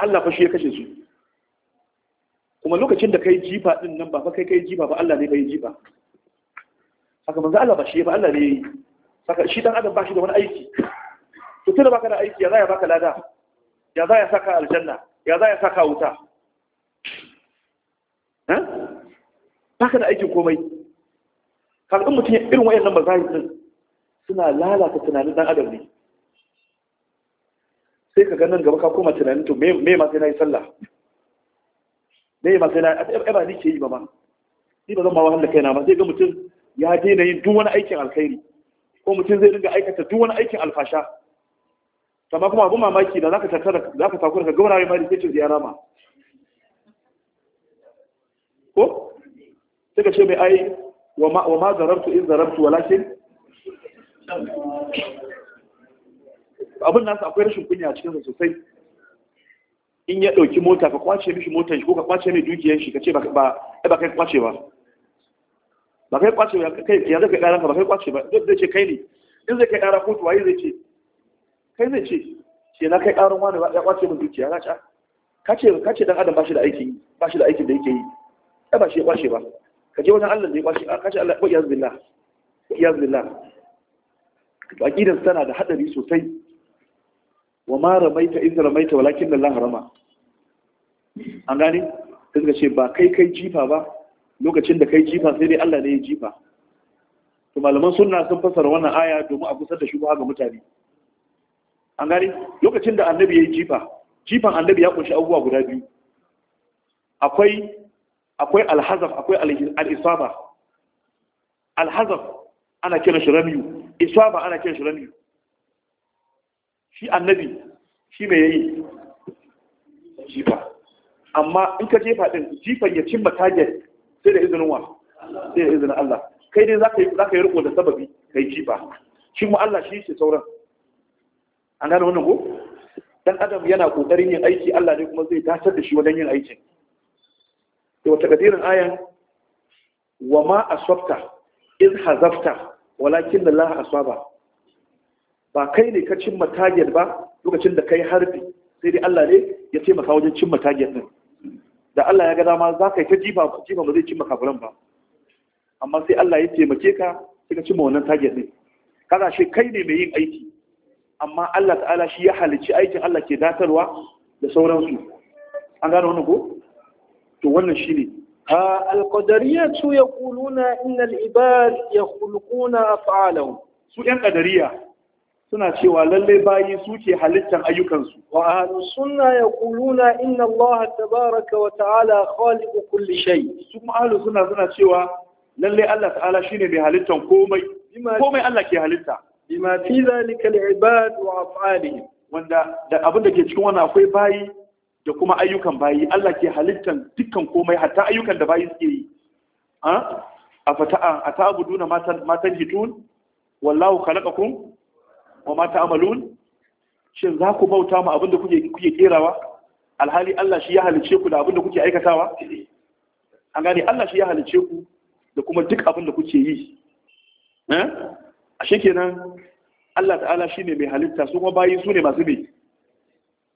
Allah fa shi ya kashe su kuma lokacin da kai jifa din nan ba fa kai kai jifa ba Allah ne bai jifa haka manzo Allah ba shi ba Allah ne yayi saka shi dan adam ba shi da wani aiki to tunda baka da aiki ya za ya baka lada ya za ya saka aljanna ya za ya saka wuta eh baka da aikin komai in mutum irin wayannan ba zai din suna lalata tunanin dan adam ne sai ka ganin gaba ka koma tunanin to me ma sai na yi sallah me ma sai na yi ba ni ke yi ba ma ni ba zan ma wahala kaina ba sai ga mutum ya daina yin duk wani aikin alkhairi ko mutum zai dinga aikata duk wani aikin alfasha amma kuma abu mamaki da zaka tattara zaka takura ka gaurare ma da kicin ziyara ma ko sai ka ce mai ai wa ma wa ma zarabtu in zarabtu walakin abin nasu akwai rashin kunya a cikinsa sosai in ya ɗauki mota ka kwace mishi motar shi ko ka kwace mai dukiyar shi ka ce ba kai kwace ba ba kai kwace ya kai ya kai ƙara ba kai kwace ba duk zai ce kai ne in zai kai ƙara kotu waye zai ce kai zai ce ce na kai ƙarin wani ya kwace min dukiya na ca ka ce ka ce dan adam ba shi da aiki ba shi da aikin da yake yi ai ba shi ya kwace ba ka je wajen Allah da ya kwace ka ce Allah wa iyaz billah ya iyaz To aqidan tana da hadari sosai wa ma ramaita idza ramaita walakin Allah rama an gane sai ka ce ba kai kai jifa ba lokacin da kai jifa sai dai Allah ne ya jifa to malaman sunna sun fassara wannan aya domin a kusa da shubha ga mutane an gani lokacin da annabi ya yi jifa jifan annabi ya kunshi abubuwa guda biyu akwai akwai alhazaf akwai al-isaba alhazaf ana kiran shi ramiyu isaba ana kiran shi ramiyu shi annabi shi mai yayi jifa amma in ka jefa din jifan ya cimma target sai da izinin wa sai da izinin Allah kai dai za ka yi riko da sababi ka yi jifa shi mu Allah shi ce sauran an gane wannan ko dan adam yana kokarin yin aiki Allah ne kuma zai dace da shi wajen yin aikin to wata kadirin ayan wa ma asabta iz hazafta walakin Allah asaba ba kai ne ka cimma target ba lokacin da kai harbi sai dai Allah ne ya taimaka wajen cimma target din da Allah ya ga dama za ka yi ta jifa ba jifa ba zai cimma kafiran ba amma sai Allah ya taimake ka sai ka cimma wannan target din kaga shi kai ne mai yin aiki amma Allah ta'ala shi ya halicci aikin Allah ke datarwa da sauransu an gane wannan ko to wannan shine ha alqadariyya su yaquluna innal ibad yakhluquna af'alahum su yan qadariya suna cewa lallai bayi suke halittar ayyukansu wa suna ya kuluna inna Allah tabaaraka wa ta'ala khaliqu kulli shay su kuma ahlus sunna suna cewa lallai Allah ta'ala shine mai halittar komai komai Allah ke halitta bima fi zalika al-ibad wa af'alihim wanda da abin da ke cikin wannan akwai bayi da kuma ayyukan bayi Allah ke halittar dukkan komai hatta ayyukan da bayi suke yi a ah? fata a ta'buduna matan matan hitun wallahu khalaqakum wa ma amalun shin za ku bauta mu abinda kuke kuke kerawa alhali Allah shi ya halice ku da abinda kuke aikatawa an gane Allah shi ya halice ku da kuma duk abinda kuke yi eh ashe kenan Allah ta'ala shine mai halitta su kuma bayi su ne masu bi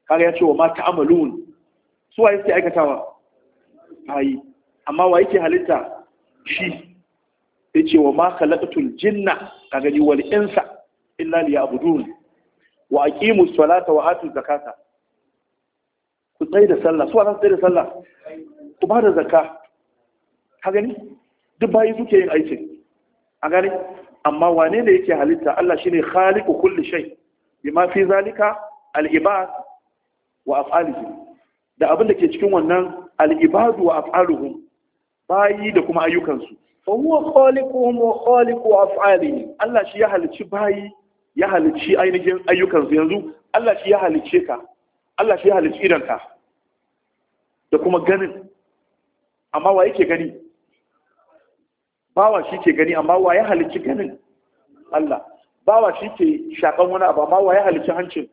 kaga ya ce wa ma amalun su waye suke aikatawa bayi amma wa yake halitta shi yace wa ma khalaqatul jinna kaga ni wal insa illa liya'budun wa aqimu ssalata wa atu zakata ku tsaye da sallah su ana tsaye da sallah ku ba da zakka ka gani duk bayi suke yin aikin a gani amma wane ne yake halitta Allah shine khaliqu kulli shay bima fi zalika al-ibad wa af'alihi da abin da ke cikin wannan al-ibad wa af'aluhu bayi da kuma ayyukansu fa huwa khaliquhum wa khaliqu af'alihi Allah shi ya halicci bayi ya halicci ainihin ayyukansu yanzu Allah shi ya halicce ka Allah shi ya halicci idanka da kuma ganin amma wa yake gani bawa shi ke gani amma wa ya halicci ganin Allah bawa shi ke shakan wani abu amma wa ya halicci hancin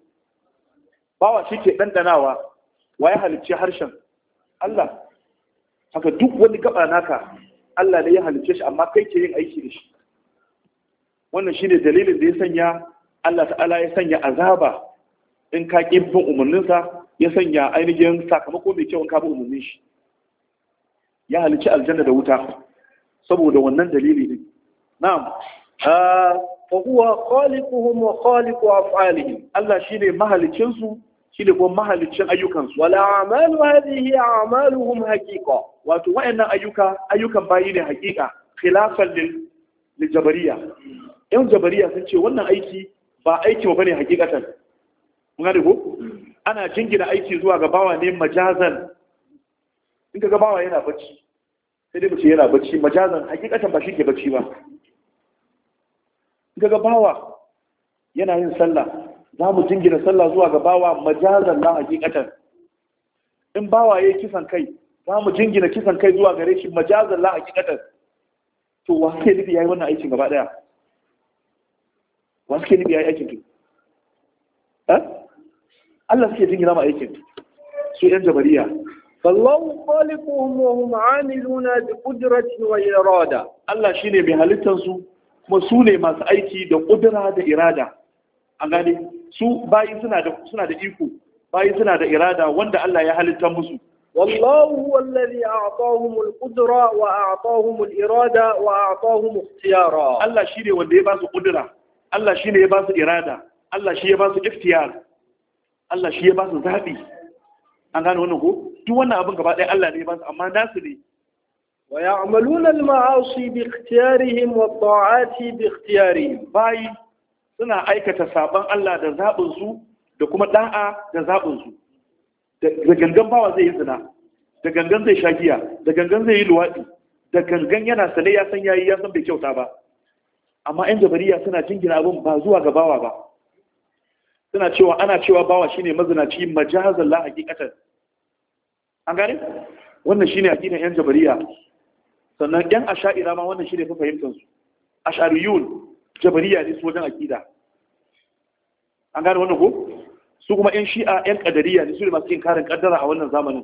bawa shi ke ɗanɗanawa wa ya halicci harshen Allah haka duk wani gaba naka Allah ne ya halicce shi amma kai ke yin aiki da shi wannan shi ne dalilin da ya sanya Allah ta'ala ya sanya azaba in ka ƙi bin umarninsa ya sanya ainihin sakamako mai kyau in ka bi umarnin shi ya halicci aljanna da wuta saboda wannan dalili ne na'am ah, huwa khaliquhum wa khaliqu af'alihim Allah shine mahalicin su shine kuma mahalicin ayyukan su wala amalu hadhihi a'maluhum haqiqa wato wayannan ayyuka ayyukan bayi ne haqiqa khilafan lil jabariya yan jabariya sun ce wannan aiki ba aiki ba ne hakikatan mun gane ko ana jingina aiki zuwa ga bawa ne majazan in ka ga bawa yana bacci sai dai mace yana bacci majazan hakikatan ba shi ke bacci ba in ka ga bawa yana yin sallah za mu jingina sallah zuwa ga bawa majazan na hakikatan in bawa ya kisan kai za mu jingina kisan kai zuwa gare shi majazan la hakikatan to wa ke nufi yayi wannan aikin gaba daya wa suke nufi ya yi aikin to Allah suke jingina ma aikin su yan jabariya فالله خالقهم وهم wa بقدرة وإرادة الله شيني mai سو kuma su ne masu aiki da ƙudura da irada a gani su bayi suna da iko bayi suna da irada wanda Allah ya halitta musu wallahu wallazi a'tahum al-qudra wa a a'tahum al-irada wa a a'tahum ikhtiyara Allah shine wanda ya ba su ƙudura Allah shi ne ya ba su irada Allah shi ya ba su iftiyar Allah shi ya ba su zaɓi an gane wannan ko duk wannan abin gaba ɗaya Allah ne ya ba su amma nasu ne wa ya al-ma'asi bi ikhtiyarihim wa ta'ati bi ikhtiyarihim bai suna aikata saban Allah da zaɓin su da kuma ɗa'a da zaɓin su da gangan bawa zai yi zina da gangan zai sha giya, da gangan zai yi luwaɗi da gangan yana sane ya san yayi ya san bai kyauta ba amma yan jabariya suna jingina abin ba zuwa ga bawa ba suna cewa ana cewa bawa shine mazinaci majazan la hakikatan an gane wannan shine aqidan yan jabariya sannan yan asha'ira ma wannan shine fa fahimtar su ash'ariyun jabariya ne su wajen aqida an gane wannan ko su kuma yan shi'a yan ƙadariya ne su ne masu yin karin kaddara a wannan zamanin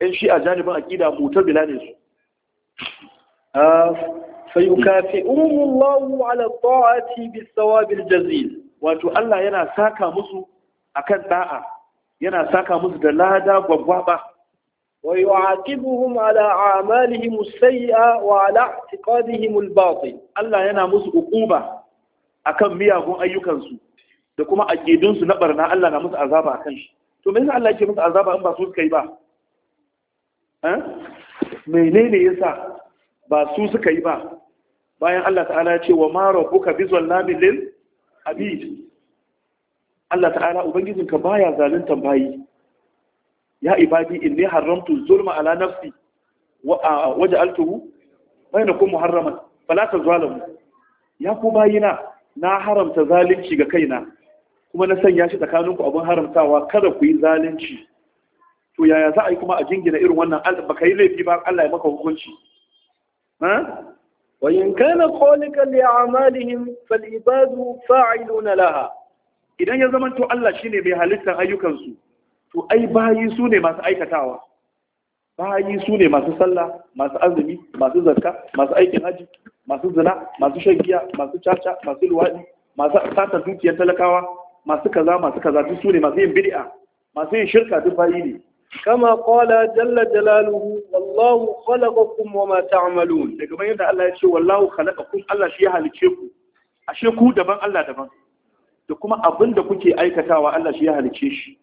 yan shi'a janibin aqida mutabila ne su ah, fayukafi'uhum Allahu ala ta'ati bis sawabil jazil wato Allah yana saka musu akan da'a yana saka musu da lada gwaggwaba wa yu'aqibuhum ala a'malihim as-sayyi'a wa ala i'tiqadihim al-batil Allah yana musu uquba akan miyagun ayyukan su da kuma aqidun su na barna Allah na musu azaba akan shi to me yasa Allah yake musu azaba in ba su suka yi ba eh menene yasa ba su suka yi ba bayan Allah ta'ala ya ce wa ma rabbuka bizallamin lil abid Allah ta'ala ubangijinka baya zaluntan bayi ya ibadi inni haramtu zulma ala nafsi wa waja'altuhu kum muharraman fala tazalamu ya ku bayina na haramta zalunci ga kaina kuma na sanya shi tsakanin ku abin haramtawa kada ku yi zalunci to yaya za a yi kuma a jingina irin wannan ba ka yi laifi ba Allah ya maka hukunci ها وإن كان خالقا لأعمالهم فالعباد فاعلون لها idan ya zama to Allah shine mai halittar ayyukansu to ai bayi su ne masu aikatawa bayi su ne masu sallah masu azumi masu zakka masu aikin haji masu zina masu shan giya masu caca masu luwadi masu sata dukiyar talakawa masu kaza masu kaza su ne masu yin bid'a masu yin shirka duk bayi ne kama qala jalla jalaluhu wallahu khalaqakum wama ta'malun daga bayan da Allah ya ce wallahu khalaqakum Allah shi ya halice ku ashe ku daban Allah daban da kuma abin da kuke aikatawa Allah shi ya halice shi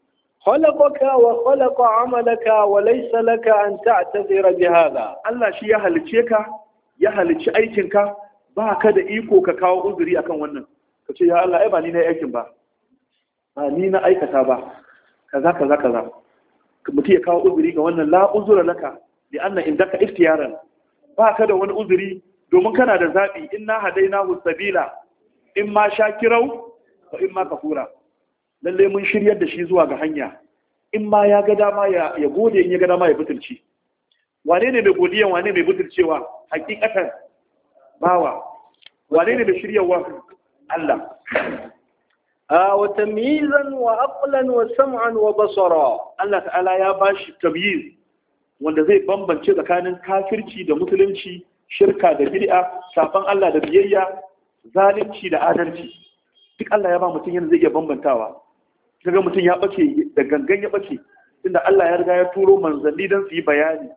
khalaqaka wa khalaqa amalaka wa laysa laka an ta'tazira bihadha Allah shi ya halice ka ya halici aikinka ba ka da iko ka kawo uzuri akan wannan ka ce ya Allah ai ba ni na aikin ba ba ni na aikata ba kaza kaza kaza mutum ya kawo uzuri ga wannan la uzura laka li anna indaka iftiyaran ba ka da wani uzuri domin kana da zabi inna hadainahu sabila in ma shakirau ko in ma kafura lalle mun shiryar da shi zuwa ga hanya in ma ya ga dama ya gode in ya ga dama ya butulci wane ne mai godiya wane mai butulcewa hakikatan bawa wane ne mai shiryawa Allah wa tamyizan wa aqlan wa sam'an wa basara Allah ta'ala ya bashi tamyiz wanda zai bambance tsakanin kafirci da musulunci shirka da bid'a safan Allah da biyayya zalunci da adalci duk Allah ya ba mutum yadda zai iya bambantawa kaga mutum ya bace da gangan ya bace inda Allah ya riga ya turo manzanni dan su yi bayani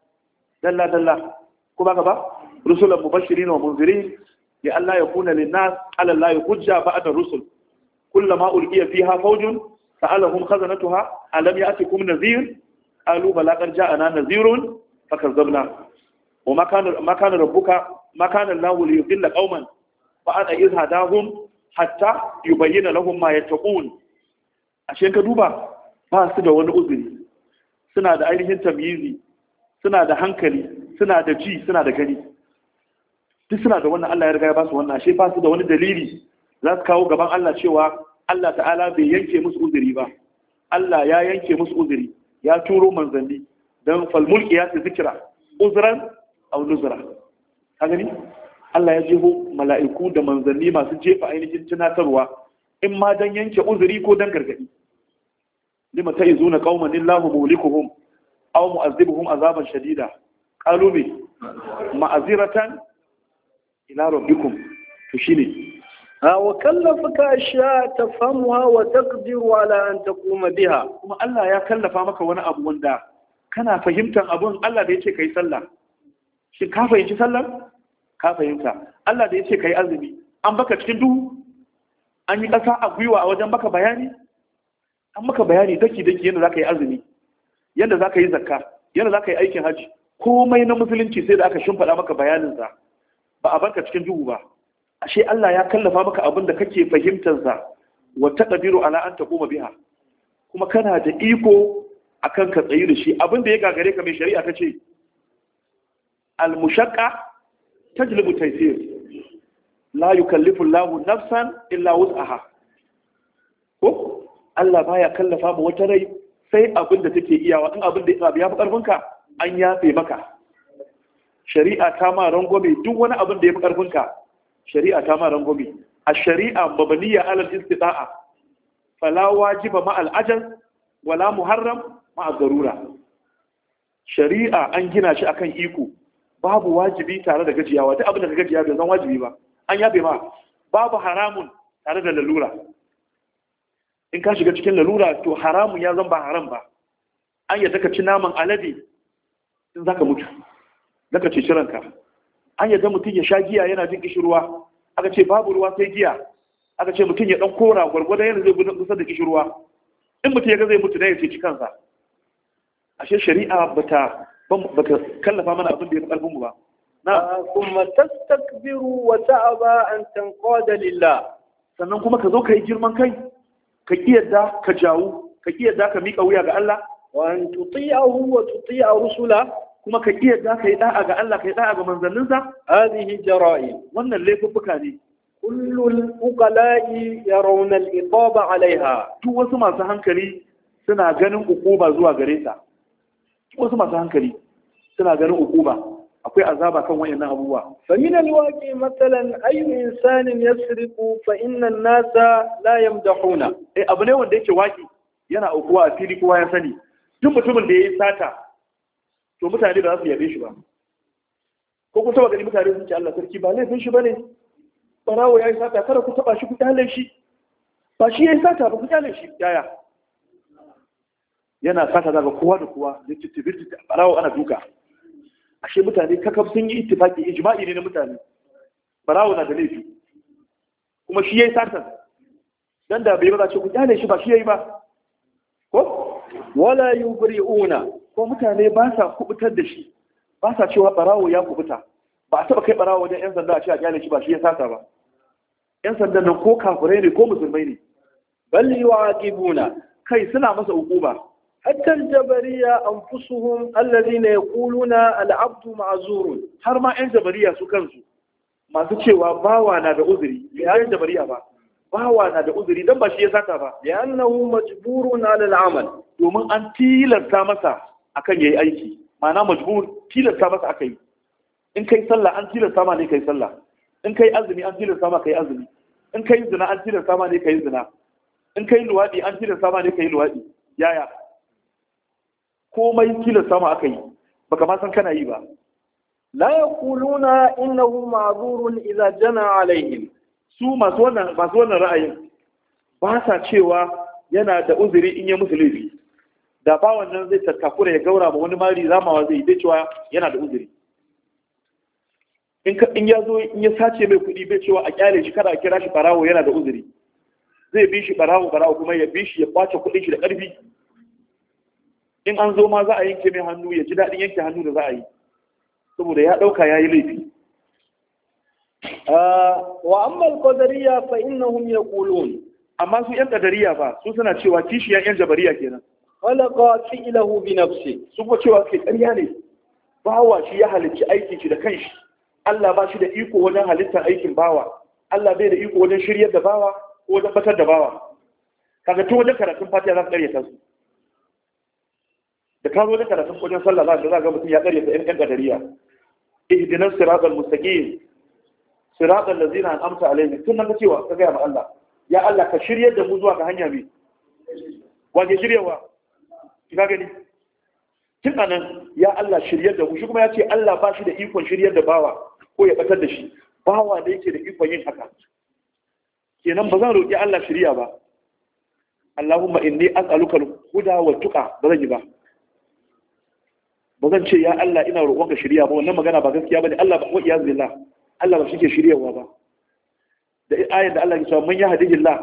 dalla dalla ko ba ba rusulan mubashirin wa munzirin ya Allah ya kuna lin nas ala Allah hujja ba'da rusul kullama ulqiya fiha fawjun sa'alahum khazanatuha alam ya'tikum nadhir qalu bala qad ja'ana nadhirun fakazzabna wa ma kana ma kana rabbuka ma kana Allahu liyudilla qauman fa ada izhadahum hatta yubayyana lahum ma yattaqun ashe ka duba ba su da wani uzuri suna da ainihin tamyizi suna da hankali suna da ji suna da gani duk suna da wannan Allah ya riga ya ba su wannan ashe ba su da wani dalili za su kawo gaban Allah cewa Allah ta'ala bai yanke musu uzuri ba Allah ya yanke musu uzuri ya turo manzanni don falmulki ya su zikira uzuran au nuzura ka gani Allah ya jeho mala'iku da manzanni masu jefa ainihin tunatarwa in ma don yanke uzuri ko don gargadi lima ta izuna qauman illahu mulikuhum aw mu'azzibuhum azaban shadida qalu bi ma'aziratan ila rabbikum to shine ha wa kallafaka sha tafhamha wa taqdiru ala an taquma kuma Allah ya kallafa maka wani abu wanda kana fahimtar abun Allah da yace kai sallah shi ka fahimci sallar ka fahimta Allah da yace kai azumi an baka cikin duhu an yi ƙasa a gwiwa a wajen baka bayani an maka bayani daki daki yadda zaka yi azumi yadda zaka yi zakka yadda zaka yi aikin hajji komai na musulunci sai da aka shimfiɗa maka bayaninsa. ba a barka cikin duhu ba ashe Allah ya kallafa maka abin da kake fahimtar sa wa taqdiru ala an taquma biha kuma kana da iko akan ka tsayi da shi abin da ya gagare ka mai shari'a ta ce al mushaqqa tajlibu taysir la yukallifu Allahu nafsan illa wus'aha ko Allah baya kallafa ma wata rai sai abin da take iyawa in abin da ya fi karfinka an yafe maka shari'a ta ma rangwame duk wani abin da ya fi karfinka shari'a ta ma rangwami a shari'a mabaniya alal istita'a fala wajiba ma ajal wala muharram ma garura shari'a an gina shi akan iko babu wajibi tare da gajiyawa duk abin da ka gajiya bai zan wajibi ba an yabe ma babu haramun tare da lalura in ka shiga cikin lalura to haramun ya zan ba haram ba an yadda ka ci naman alade in zaka mutu zaka ci ranka an yadda mutum ya sha giya yana jin kishirwa aka ce babu ruwa sai giya aka ce mutum ya dan kora gwargwadon yana zai gudun kusa da kishirwa in mutum ya ga zai mutu na ya ce kansa ashe shari'a bata ta kallafa mana abin da ya fi ba na kuma ah, tastakbiru wa ta'aba an tanqada lillah sannan kuma ka zo ka yi girman kai ka kiyarda ka jawo ka kiyarda ka mika wuya ga Allah wa an tuti'ahu wa tuti'a rusula kuma ka iya za ka yi da'a ga Allah ka yi da'a ga manzanninsa hadhihi jara'i wannan laifuffuka ne kullul uqala'i ya al-iqaba a'laiha. Tu wasu masu hankali suna ganin ukuba zuwa gare ta wasu masu hankali suna ganin ukuba akwai azaba kan wayannan abubuwa fa min alwaqi masalan ayu insanin yasriqu fa inna an-nasa la yamdahuna eh abu ne wanda yake waki yana ukuwa a fili kowa ya sani duk mutumin da yayi sata to mutane ba za su yabe shi ba ko kun taba gani mutane sun ce Allah sarki ba laifin shi bane barawo yayi sata kada ku taba shi ku kyale shi ba shi yayi sata ba ku kyale shi yaya yana sata daga kowa da kowa da tibirti barawo ana duka ashe mutane kakaf sun yi ittifaki ijma'i ne na mutane barawo na da laifi kuma shi yayi sata dan da bai ba ce ku kyale shi ba shi yayi ba ko wala yubri'una ko mutane ba sa kubutar da shi ba sa cewa barawo ya kubuta ba a taba kai barawo wajen yan sanda a cewa a shi ba shi ya sasa ba yan sandan nan ko kafirai ne ko musulmai ne balli wa aqibuna kai suna masa hukuma hatta jabariya anfusuhum alladhina yaquluna al'abdu ma'zurun har ma yan jabariya su kansu masu cewa bawa na da uzuri ya jabariya ba bawa na da uzuri dan ba shi ya sata ba li'annahu majburun 'ala al'amal domin an tilasta masa akan yayi aiki ma'ana majbur tilasta masa aka yi in kai sallah an tilasta ma ne kai sallah in kai azumi an tilasta ma kai azumi in kai zina an tilasta ma ne kai zina in kai luwadi an tilasta ma ne kai luwadi yaya komai tilasta ma aka yi baka ma san kana yi ba la yaquluna innahu ma'zurun idza jana alaihim su masu wannan masu wannan ra'ayin ba sa cewa yana da uzuri in ya musu laifi da bawan nan zai tattakura ya gaura ba wani mari ramawa zai bai cewa yana da uzuri in in ya zo in ya sace mai kuɗi bai cewa a kyale shi kada a kira shi barawo yana da uzuri zai bi shi barawo barawo kuma ya bi shi ya kwace kuɗin shi da ƙarfi in an zo ma za a yanke mai hannu ya ji daɗin yanke hannu da za a yi saboda ya ɗauka ya yi laifi ah, wa ammal qadariya fa innahum yaqulun amma su yan qadariya fa su suna cewa kishiyan yan jabariya kenan khalaqa fi'lahu bi nafsi su kuma cewa ke ƙarya ne bawa shi ya halicci aikin shi da kanshi Allah ba shi da iko wajen halittar aikin bawa Allah bai da iko wajen shiryar da bawa ko wajen batar da bawa kaga tun wajen karatun fatiha za su ƙaryata su da ka zo da karatun wajen sallah za ka ga mutum ya ƙaryata ɗan ƙadariya ihdinas siratal mustaqim siratal ladzina an'amta alaihim tun nan ka cewa ka ga ya Allah ya Allah ka shiryar da mu zuwa ga hanya mai wage shiryawa ka gani tun anan ya Allah shiryar da shi kuma ya ce Allah ba shi da ikon shiryar da bawa ko ya batar da shi bawa da yake da ikon yin haka kenan ba zan roƙi Allah shirya ba Allahumma inni as'aluka al-huda wa tuqa ba zan yi ba ba zan ce ya Allah ina roƙonka shirya ba wannan magana ba gaskiya bane Allah ba wa iyaz billah Allah ba shike shiryawa ba da ayat da Allah ya ce man yahdihillah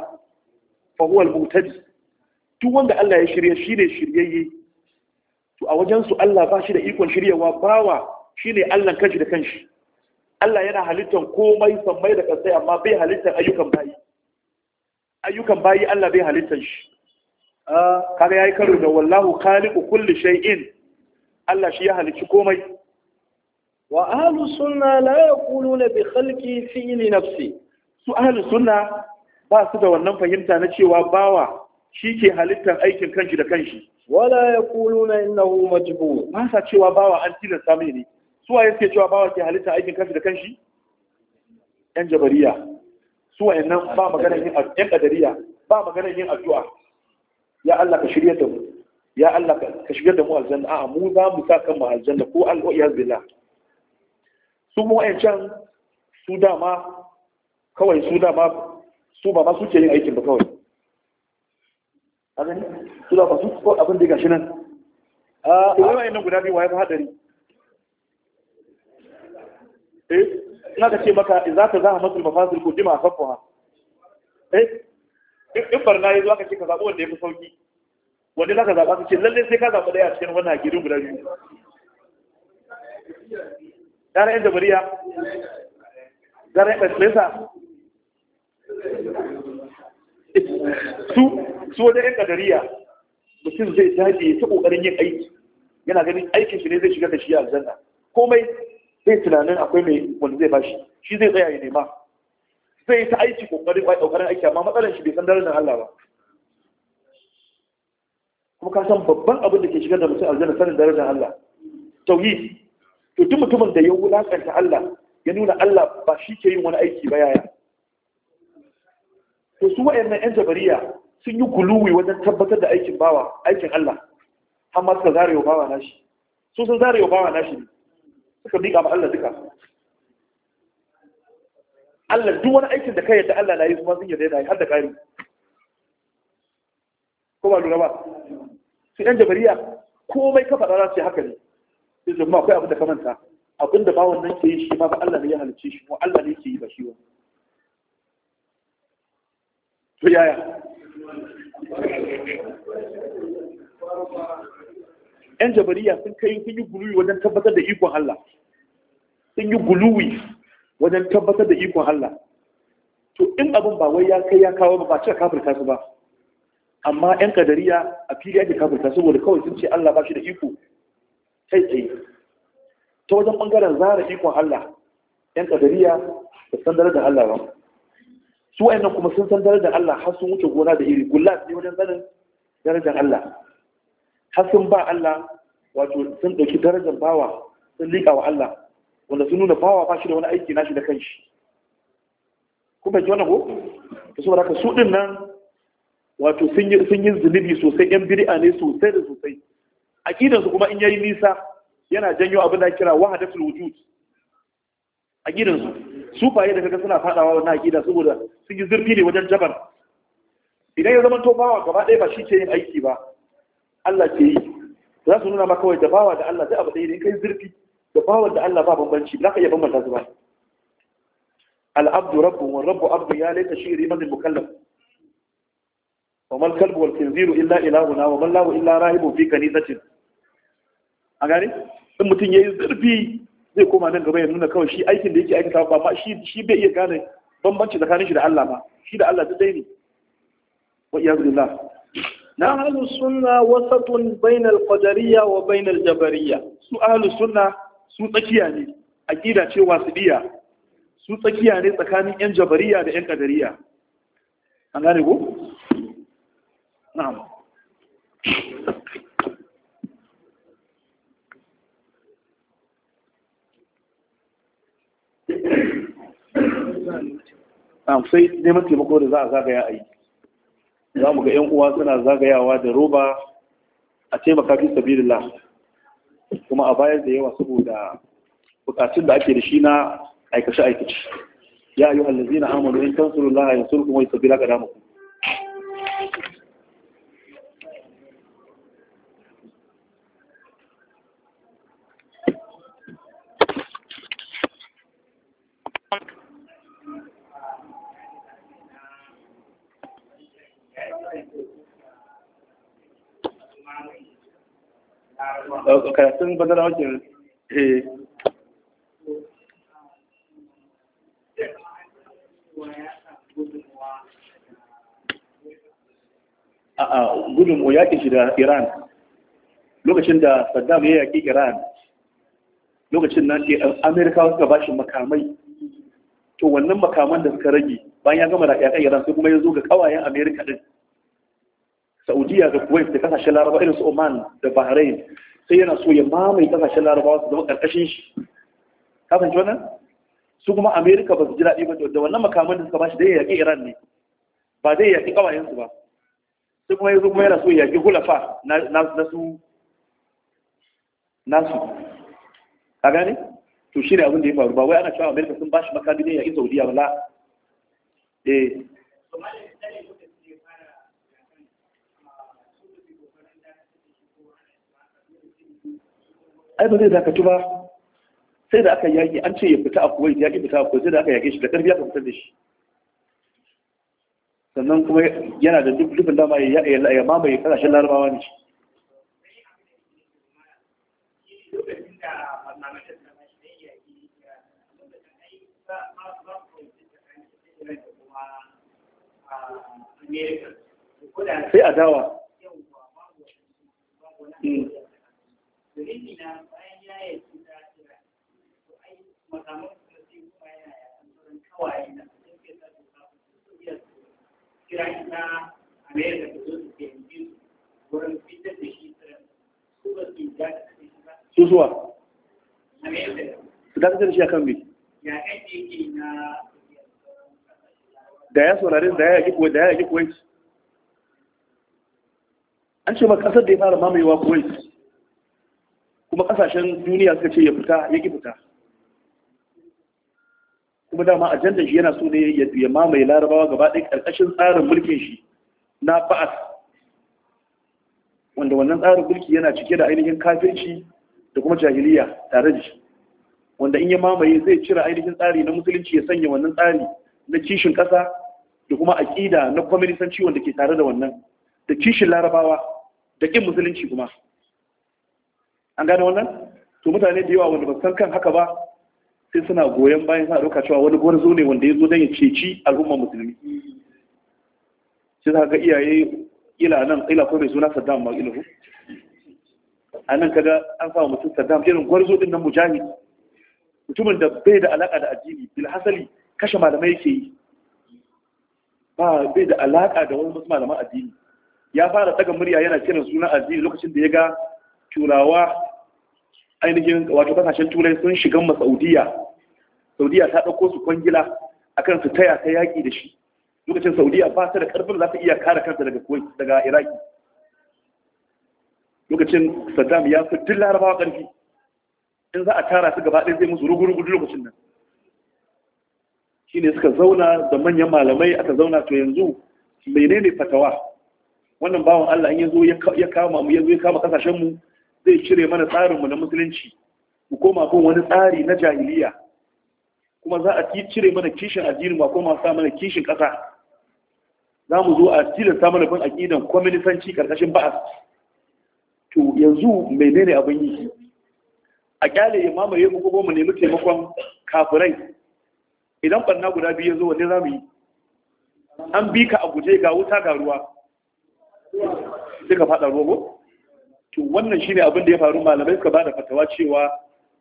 fa huwa al-muhtadi tu wanda Allah ya shirya shi ne shiryayye to a wajensu Allah ba shi da ikon shiryawa bawa shi ne Allah kanshi da kanshi Allah yana halittar komai sammai da kasai amma bai halittar ayyukan bayi ayyukan bayi Allah bai halittar shi ah. kaga yayi karo da wallahu khaliqu kulli shay'in Allah shi ya halicci komai wa ahlu sunna la yaquluna bi khalqi fi'li nafsi su ahlu sunna ba su da wannan fahimta na cewa bawa shi ke halittar aikin kanshi da kanshi wala ya na ina hu ba sa cewa bawa an tilasta sami ne suwa ce cewa bawa ke halittar aikin kanshi da kanshi yan jabariya su nan ba maganar yin yan ƙadariya ba maganar yin addu'a ya Allah ka shirya da mu ya Allah ka shirya da mu aljanna a'a mu za mu sa kan mu aljanna ko al'o'iyar billah su mu can su dama kawai su dama su ba ma suke yin aikin ba kawai azani su da su ko abin da gashi nan a wai nan guda biyu wai fi hadari eh ina ka ce maka idza ta zaha masul mafasil ko dima fafaha eh in barna yazo aka ce ka zaɓi wanda yafi sauki wanda zaka zaba ka ce Lallai sai ka zaɓi ɗaya a cikin wannan gidan guda biyu gara yan jabariya gara yan ɗansa su su wajen yan kadariya mutum zai ya ta ƙoƙarin yin aiki yana ganin aikin shi ne zai shiga da shi aljanna komai zai tunanin akwai mai wanda zai bashi shi zai tsaya ya nema zai ta aiki kokarin kokarin aiki amma matsalar shi bai san darajar Allah ba kuma ka san babban abin da ke shigar da mutum aljanna sanin darajar Allah tauhid to duk mutumin da ya wulakanta Allah ya nuna Allah ba shi ke yin wani aiki ba yaya to su waɗannan yan jabariya sun yi guluwi wajen tabbatar da aikin bawa aikin Allah amma suka zare wa bawa nashi su sun zare wa bawa nashi ne suka miƙa ma Allah duka Allah duk wani aikin da ka yadda Allah na yi kuma sun yadda yana yi har da ƙari ko ba lura ba su yan jabariya komai ka faɗa za su yi haka ne sai kuma akwai abin da ka manta abin da bawan nan ke yi shi ma ba Allah ne ya halicce shi kuma Allah ne ke yi ba shi ba yaya yan jabariya sun kai sun yi guluwi wajen tabbatar da ikon Allah sun yi guluwi wajen tabbatar da ikon Allah to in abin ba wai ya kai ya kawo ba ba ce kafirta su ba amma yan kadariya a fili ake kafirta saboda kawai sun ce Allah ba shi da iko kai tsaye ta wajen ɓangaren zara ikon Allah yan kadariya da sandar da Allah ba su wayannan kuma sun san darajar Allah har sun wuce gona da iri gullat ne wajen sanin darajar Allah har sun ba Allah wato sun ɗauki darajar bawa sun liƙa wa Allah wanda sun nuna bawa ba shi da wani aiki nashi da kanshi Kuma bai wannan ko to saboda ka su din nan wato sun yi sun yi zunubi sosai yan bid'a ne sosai da sosai aqidar su kuma in yayi nisa yana janyo abin da kira wahdatul wujud aqidar su sufaye da kaga suna fadawa wannan aqida saboda sun yi zurfi ne wajen jabar idan ya zama tofawa gaba ɗaya ba shi ce yin aiki ba Allah ke yi za su nuna ma kawai da bawa da Allah sai abu ɗaya ne kai zurfi da bawa da Allah ba bambanci ba ka iya bambanta su ba al'abdu rabbu wa rabbu abdu ya laita shi riman mukallaf wa mal kalbu wal khinziru illa ilahuna wa man lahu illa rahibu fi kanizatin a gani in mutum yayi zurfi zai koma nan gaba ya nuna kawai shi aikin da yake aikata ba ma shi shi bai iya gane bambanci tsakanin shi da Allah ba shi da Allah duk dai ne wa iyyazu billah na ahlu sunna wasatun bainal qadariyya wa bainal jabariyya su ahlu sunna su tsakiya ne aqida ce wasidiya su tsakiya ne tsakanin yan jabariyya da yan qadariyya an gane ko na'am sai neman taimako da za a zagaya a yi za mu ga 'yan uwa suna zagayawa da roba a taimaka fi sabilillah kuma a bayar da yawa saboda bukatun da ake da shi na aikace-aikace ya yi hallazi na amadu in tansurullaha yansurkum ga yusabbilaka ku. karatun bazara wakin eh a gudun o yakin shi da iran lokacin da saddam ya yaƙi iran lokacin nan amerikawa suka bashi makamai to wannan makaman da suka rage bayan ya gama da iran sai kuma ya zo ga kawayen amerika din saudiya da kuwait da kasashen laraba irin su oman da bahrain sai yana so ya mamaye kasashen larabawa su zama karkashin shi kafin wannan su kuma amerika ba su ji daɗi ba da wannan makaman da suka bashi dai yaƙi iran ne ba zai yaƙi ƙawayensu ba sai kuma zo kuma yana so ya yaƙi hulafa na su nasu Ka gane to shi ne abin da ya faru ba wai ana cewa amerika sun bashi makami ne yaƙi saudiya ba la eh ai ba zai dakatu ba sai da aka yaki an ce ya fita a kuwait ya ki fita a kuwait sai da aka yaki shi da karfi aka fitar da shi sannan kuma yana da duk dukkan dama ya mamaye kasashen larabawa ne sai a dawa hmm. zunubi na bayan ya yi cuta to ai kuma yana sa su su iya kira da su su ba da dakatar shi ya kai ne da ya saurari da ya da ya an ce ma ƙasar da ya fara mamayewa kuwait kuma kasashen duniya suka ce ya fita ya ki fita kuma dama ajandar shi yana so ne ya mamaye larabawa gaba ɗaya ƙarƙashin tsarin mulkin shi na ba'as wanda wannan tsarin mulki yana cike da ainihin kafirci da kuma jahiliya tare da shi wanda in ya mamaye zai cire ainihin tsari na musulunci ya sanya wannan tsari na kishin ƙasa da kuma aƙida na kwaminisanci wanda ke tare da wannan da kishin larabawa da ƙin musulunci kuma an gane wannan to mutane da yawa wanda ba san kan haka ba sai suna goyon bayan suna ɗauka cewa wani gwarzo ne wanda ya zo don ya ceci al'ummar musulmi sai za ga iyaye ila nan ila ko mai suna saddam ma ilahu a nan kaga an samu mutum saddam irin gwarzo din nan mujahid mutumin da bai da alaka da addini bilhasali kashe malamai yake yi ba bai da alaka da wani wasu malaman addini ya fara tsaga murya yana kiran sunan addini lokacin da ya ga turawa ainihin wato kasashen turai sun shigan ma saudiya saudiya ta ɗauko su kwangila akan su taya ta yaƙi da shi lokacin saudiya ba ta da ƙarfin za ta iya kare kanta daga daga iraki lokacin saddam ya fi duk larabawa ƙarfi in za a tara su gaba ɗaya zai musu duk lokacin nan shine suka zauna da manyan malamai aka zauna to yanzu menene fatawa wannan bawan Allah in yanzu ya kama mu ya kama ƙasashen mu zai cire mana tsarinmu na musulunci mu koma kun wani tsari na jahiliya kuma za a cire mana kishin addini ba koma sa mana kishin ƙasa za mu zo a tilasta mana bin aƙidan kwaminisanci ƙarƙashin ba'as to yanzu menene abin yi a kyale ya mamaye mu kuma mu nemi taimakon kafirai idan barna guda biyu ya zo wanne za mu yi an bi ka a guje ga wuta ga ruwa faɗa rogo to wannan shine abin da ya faru malamai suka bada fatawa cewa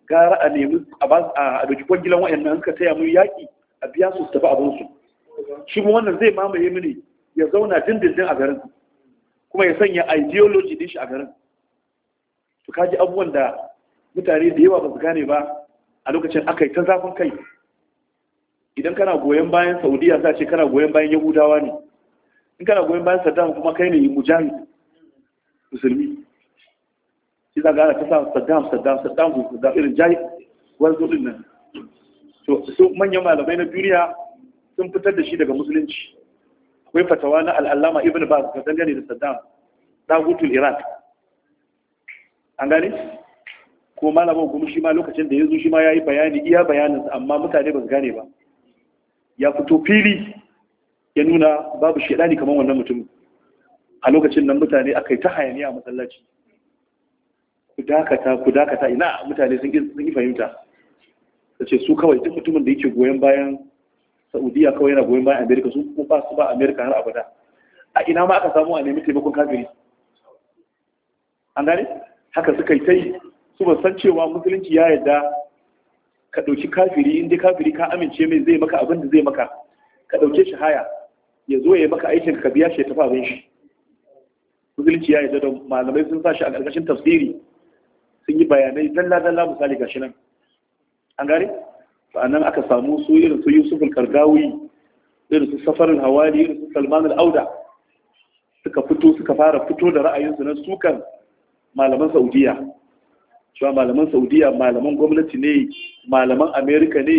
gara a nemi a doki kwangilan nan ka taya mun yaki a biya su tafi abin su shi mu wannan zai mamaye mu ya zauna dindindin a garin kuma ya sanya ideology din shi a garin to kaji abubuwan da mutane da yawa ba su gane ba a lokacin aka ta zafin kai idan kana goyon bayan saudiya za ce kana goyon bayan yahudawa ne in kana goyon bayan saddam kuma kai ne mujahid musulmi shi za ga ta sa saddam saddam saddam da irin jayi wanzu din nan to su manyan malamai na duniya sun fitar da shi daga musulunci akwai fatawa na al'allama ibn baz ga dangane da saddam dagutul iraq an gane ko malamin kuma shi ma lokacin da ya zo shi ma ya yi bayani iya bayaninsa amma mutane ba su gane ba ya fito fili ya nuna babu shaidani kamar wannan mutum a lokacin nan mutane aka yi ta hayaniya a masallaci dakata ku dakata ina mutane sun yi fahimta ta ce su kawai duk mutumin da yake goyon bayan saudiya kawai yana goyon bayan amerika su kuma ba su ba amerika har abada a ina ma aka samu a nemi taimakon kafiri an gane haka suka yi ta yi su ba san cewa musulunci ya yarda ka ɗauki kafiri in dai kafiri ka amince mai zai maka abin da zai maka ka ɗauke shi haya ya zo ya maka aikin ka biya shi ya tafi abin shi musulunci ya yarda da malamai sun sa shi a ƙarƙashin tafsiri sun yi bayanai dalla-dalla misali gashi nan an Ba nan aka samu su irin su yusuf al-kargawi irin su safar hawali irin su salman al-auda suka fito suka fara fito da ra'ayinsu na sukan malaman saudiya cewa malaman saudiya malaman gwamnati ne malaman amerika ne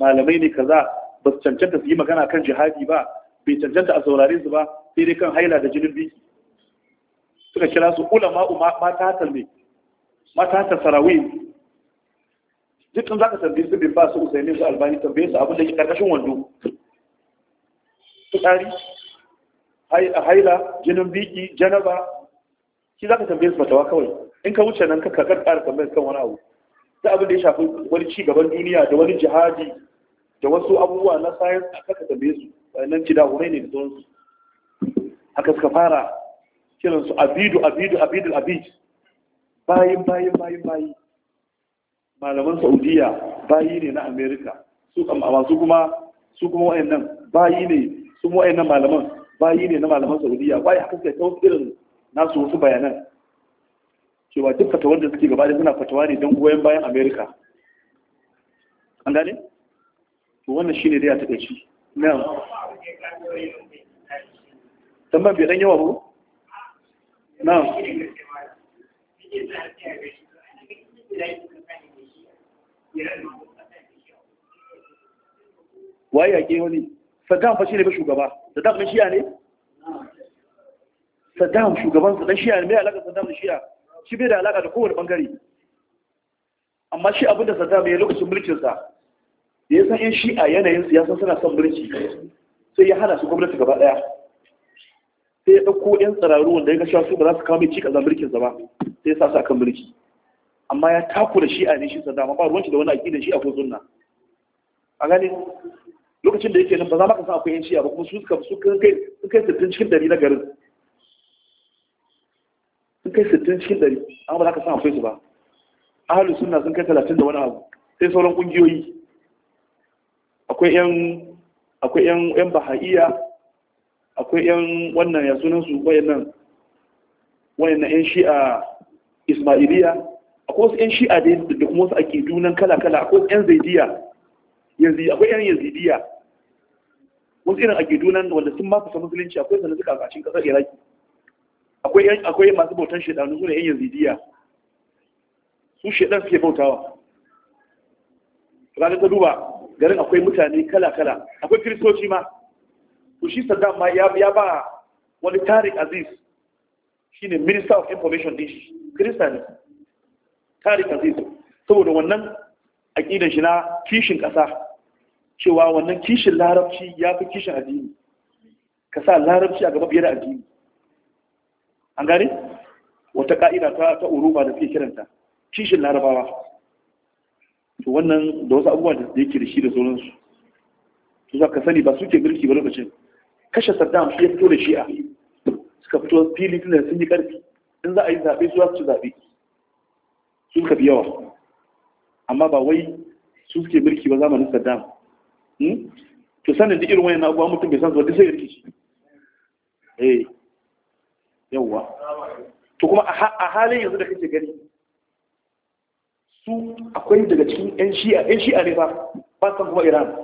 malamai ne kaza ba su cancanta su yi magana kan jihadi ba bai cancanta a saurare su ba sai dai kan haila da jinin biki suka kira su ulama mata hatal ne mata ta sarawi dukkan za ka tambayi su bin ba su usaini su albani tambaye su abin da ke karkashin wando fitsari haila jinin biki janaba shi za ka tambayi su fatawa kawai in ka wuce nan ka karkar ƙara tambayar kan wani abu da abin da ya shafi wani ci gaban duniya da wani jihadi da wasu abubuwa na sayan a kaka tambayi su nan ci dahumai ne da sauransu haka suka fara kiransu abidu abidu abidu abid bayin bayin bayin bayi malaman saudiya bayi ne na amerika su amma su kuma su kuma wayannan bayi ne su kuma wayannan malaman bayi ne na malaman saudiya bayi haka sai kawo irin nasu wasu bayanan cewa duk fatawar da suke gaba da suna fatawa ne don goyon bayan amerika an gane to wannan shine dai a takaici na'am tambayar bai dan yawa ko na'am waye yake wani saddam fa ne ba shugaba saddam ne shiya ne saddam shugaban saddam shiya ne mai alaka saddam da shiya shi bai da alaka da kowane bangare amma shi abinda saddam ya lokacin mulkinsa da ya san yan shi'a yanayin siyasa suna son mulki sai ya hana su gwamnati gaba daya sai ya ɗauko ƴan tsiraru wanda ya gasha su ba za su kawo mai cika za sa ba sai ya sa su a kan mulki amma ya da shi a ne shi sadama ba ruwanci da wani aƙidar shi a ko sunna a gane lokacin da yake nan ba za maka san akwai ‘yan shiya ba kuma su suka su kai sun kai sittin cikin ɗari na garin sun kai sittin cikin ɗari amma ba za ka san akwai su ba ahalus sunna sun kai talatin da wani abu sai sauran ƙungiyoyi akwai ƴan akwai ‘yan baha'iya akwai yan wannan ya sunan su wayannan wayannan yan shi'a ismailiya akwai wasu yan shi'a da kuma wasu ake dunan kala kala akwai yan zaidiya yanzu akwai yan yanzidiya wasu irin ake dunan wanda sun mafi fasa musulunci akwai sanar suka kacin kasar iraki akwai masu bautan shaidanu su ne yan yanzidiya su shedan suke bautawa ranar ta duba garin akwai mutane kala kala akwai kiristoci ma to shi saddam ma ya ba wani tarik aziz shi ne minister of information din shi kirista ne tarik aziz saboda wannan aƙidan shi na kishin ƙasa cewa wannan kishin larabci ya fi kishin addini ka sa larabci a gaba biyar da addini an gane wata ƙa'ida ta ta uruba da suke kiranta kishin larabawa to wannan da wasu abubuwa da yake da shi da sauransu to za ka sani ba suke mulki ba lokacin kashe saddam shi ya fito da shi'a suka fito fili tunan sun yi ƙarfi in za a yi zaɓe su su zaɓe su suka fi yawa amma ba wai su suke mulki ba zamanin saddam hmm? to sanin da irin wayan abuwa mutum bai san su duk sai shi. eh yawwa. to kuma a halin yanzu da kake gani su akwai daga cikin yan shi'a yan shi'a ne ba ba san kuma iran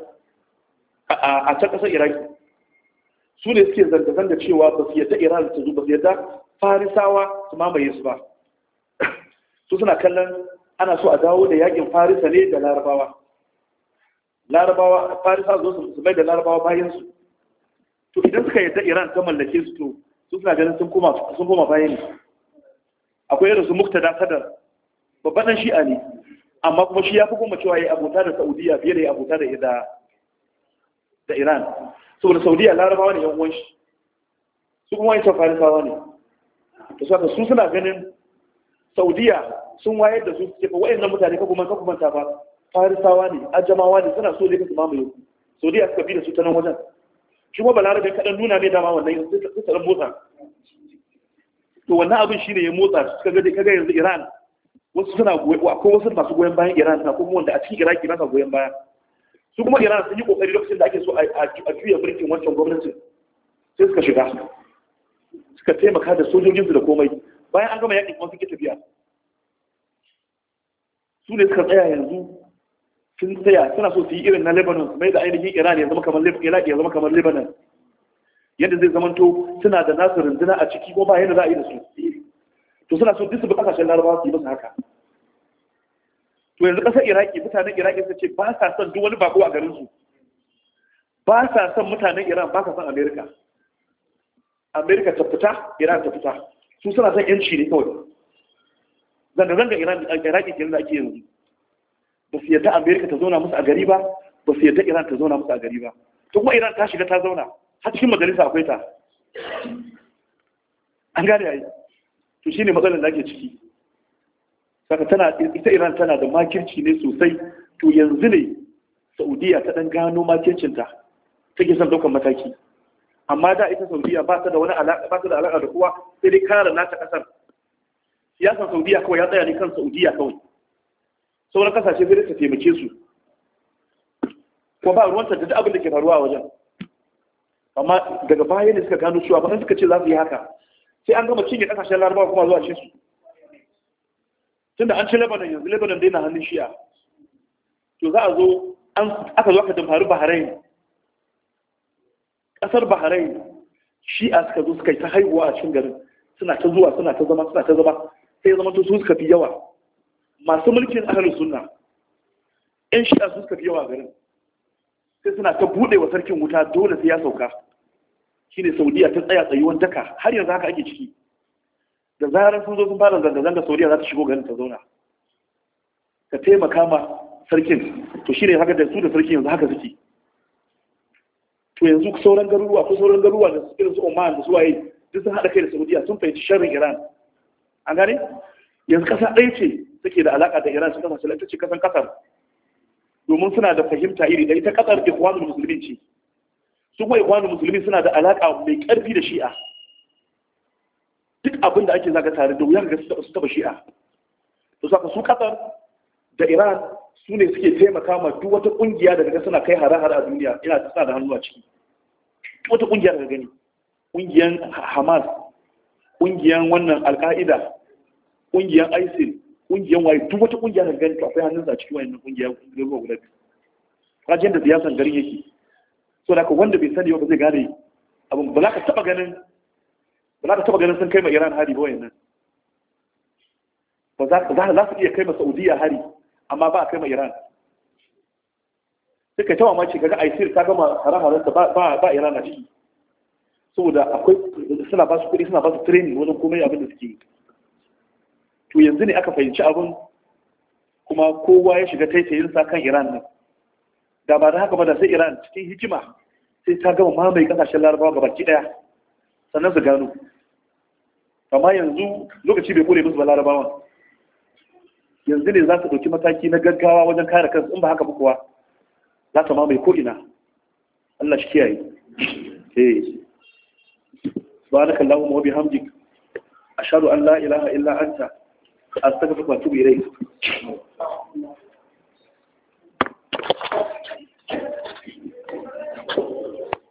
a can ƙasar iraki su ne suke zanga-zanga cewa ba su yadda iran su zo ba su yadda farisawa su mamaye su ba su suna kallon ana so a dawo da yakin farisa ne da larabawa larabawa farisa zo su mai da larabawa bayan su to idan suka yadda iran ta mallake su to su suna ganin sun koma sun koma bayan ne akwai irin su muktada sadar babban shi'a ne amma kuma shi ya fi goma cewa ya abota da saudiya fiye da ya abota da da iran da saudiya larabawa ne yan uwanshi su kuma ta farisawa ne to saka su suna ganin saudiya sun wayar da su suke fa wayannan mutane ka kuma ka kuma ta farisawa ne ajamawa ne suna so ne su mamaye saudiya suka bi da su ta nan wajen shi kuma balarabe kaɗan nuna mai dama wannan su tsaron motsa to wannan abin shine ya motsa suka ga kaga yanzu iran wasu suna akwai wasu masu goyon bayan iran na kuma wanda a cikin iraki na sa goyon baya su kuma iran sun yi kokari lokacin da ake so a juya mulkin wancan gwamnatin sai suka shiga suka taimaka da sojojinsu da komai bayan an gama yakin kuma suke tafiya su ne suka tsaya yanzu sun tsaya suna so su yi irin na lebanon su mai da ainihin iran ya zama kamar ya zama kamar lebanon yadda zai zamanto suna da nasu rundunar a ciki ko ba yadda za a yi da su to suna so duk su bi kasashen larabawa su yi musu haka to yanzu ƙasar iraki mutanen iraki sun ce ba sa son duk wani bako a garinsu ba sa son mutanen iran ba sa son amerika amerika ta fita iran ta fita su suna son yanci ne kawai zanga-zanga iran iraki kenan da ake yanzu ba su yadda amerika ta zauna musu a gari ba ba su yadda iran ta zauna musu a gari ba to kuma iran ta shiga ta zauna har cikin majalisa akwai ta an gane yayi to shine matsalar da ake ciki saka tana ita Iran tana da makirci ne sosai to yanzu ne Saudiya ta dan gano makircinta ta ke son daukan mataki amma da ita Saudiya ba ta da wani alaka ba ta da alaka da kowa sai dai kare nata kasar siyasar Saudiya kawai ya tsaya ne kan Saudiya kawai sauran kasashe sai ta taimake su ko ba ta duk abin da ke faruwa wajen amma daga baya ne suka gano cewa ba suka ce za su yi haka sai an gama cinye kasashen larabawa kuma zuwa ce su tunda an ci lebanon yanzu lebanon dai na hannun shiya to za a zo aka zo aka damfari bahrain ƙasar bahrain shi'a suka zo suka yi ta haihuwa a cikin garin suna ta zuwa suna ta zama suna ta zama sai ya zama to su suka fi yawa masu mulkin ahalin sunna yan shi'a su suka fi yawa garin sai suna ta buɗe wa sarkin wuta dole sai ya sauka shine saudiya ta tsaya tsayuwan daka har yanzu haka ake ciki da zarar sun zo sun fara zanga-zanga saudiya za ta shigo garin ta zauna ka taimaka ma sarkin to shi ne haka da su da sarkin yanzu haka suke to yanzu sauran garuruwa ko sauran garuruwa da irin su oman da su waye duk sun haɗa kai da saudiya sun fahimci sharrin iran an gane yanzu ƙasa ɗaya ce take da alaƙa da iran su kasa su lantarki ce ƙasan ƙasar domin suna da fahimta iri da ita ƙasar ikwanul musulmin ce su kuma ikwanul musulmin suna da alaƙa mai ƙarfi da shi'a duk abin da ake zaga tare da wuyar ga su taba shi'a to saka su kasar da iran su ne suke taimaka ma duk wata kungiya da daga suna kai hare-hare a duniya ina tsada da hannu a ciki Duk wata kungiya daga gani kungiyan hamas kungiyan wannan alka'ida kungiyan isil kungiyan waye duk wata kungiya daga gani to akwai hannun a cikin wayannan kungiya ruwa guda biyu kajin da siyasan garin yake so da wanda bai sani ba zai gane abin ba za ka taba ganin ba za ka taba ganin sun kai ma iran hari ba nan. ba za su iya kai ma saudiya hari amma ba a kai ma iran kai ta mamaci kaga isir ta gama hare-haren ba ba iran a ciki saboda akwai suna ba su kuɗi suna ba su training wajen komai abin da suke to yanzu ne aka fahimci abin kuma kowa ya shiga taitayin sa kan iran nan da ba da haka ba da sai iran cikin hikima sai ta gama mamaye kasashen larabawa gaba ki daya sannan su gano amma yanzu lokaci bai kure musu ba larabawan yanzu ne za su ɗauki mataki na gaggawa wajen kare kansu in ba haka ba kuwa za ta mamaye ko'ina Allah shi kiyaye eh subhanaka allahumma wa bihamdik ashhadu a la ilaha illa anta a wa atubu ilayk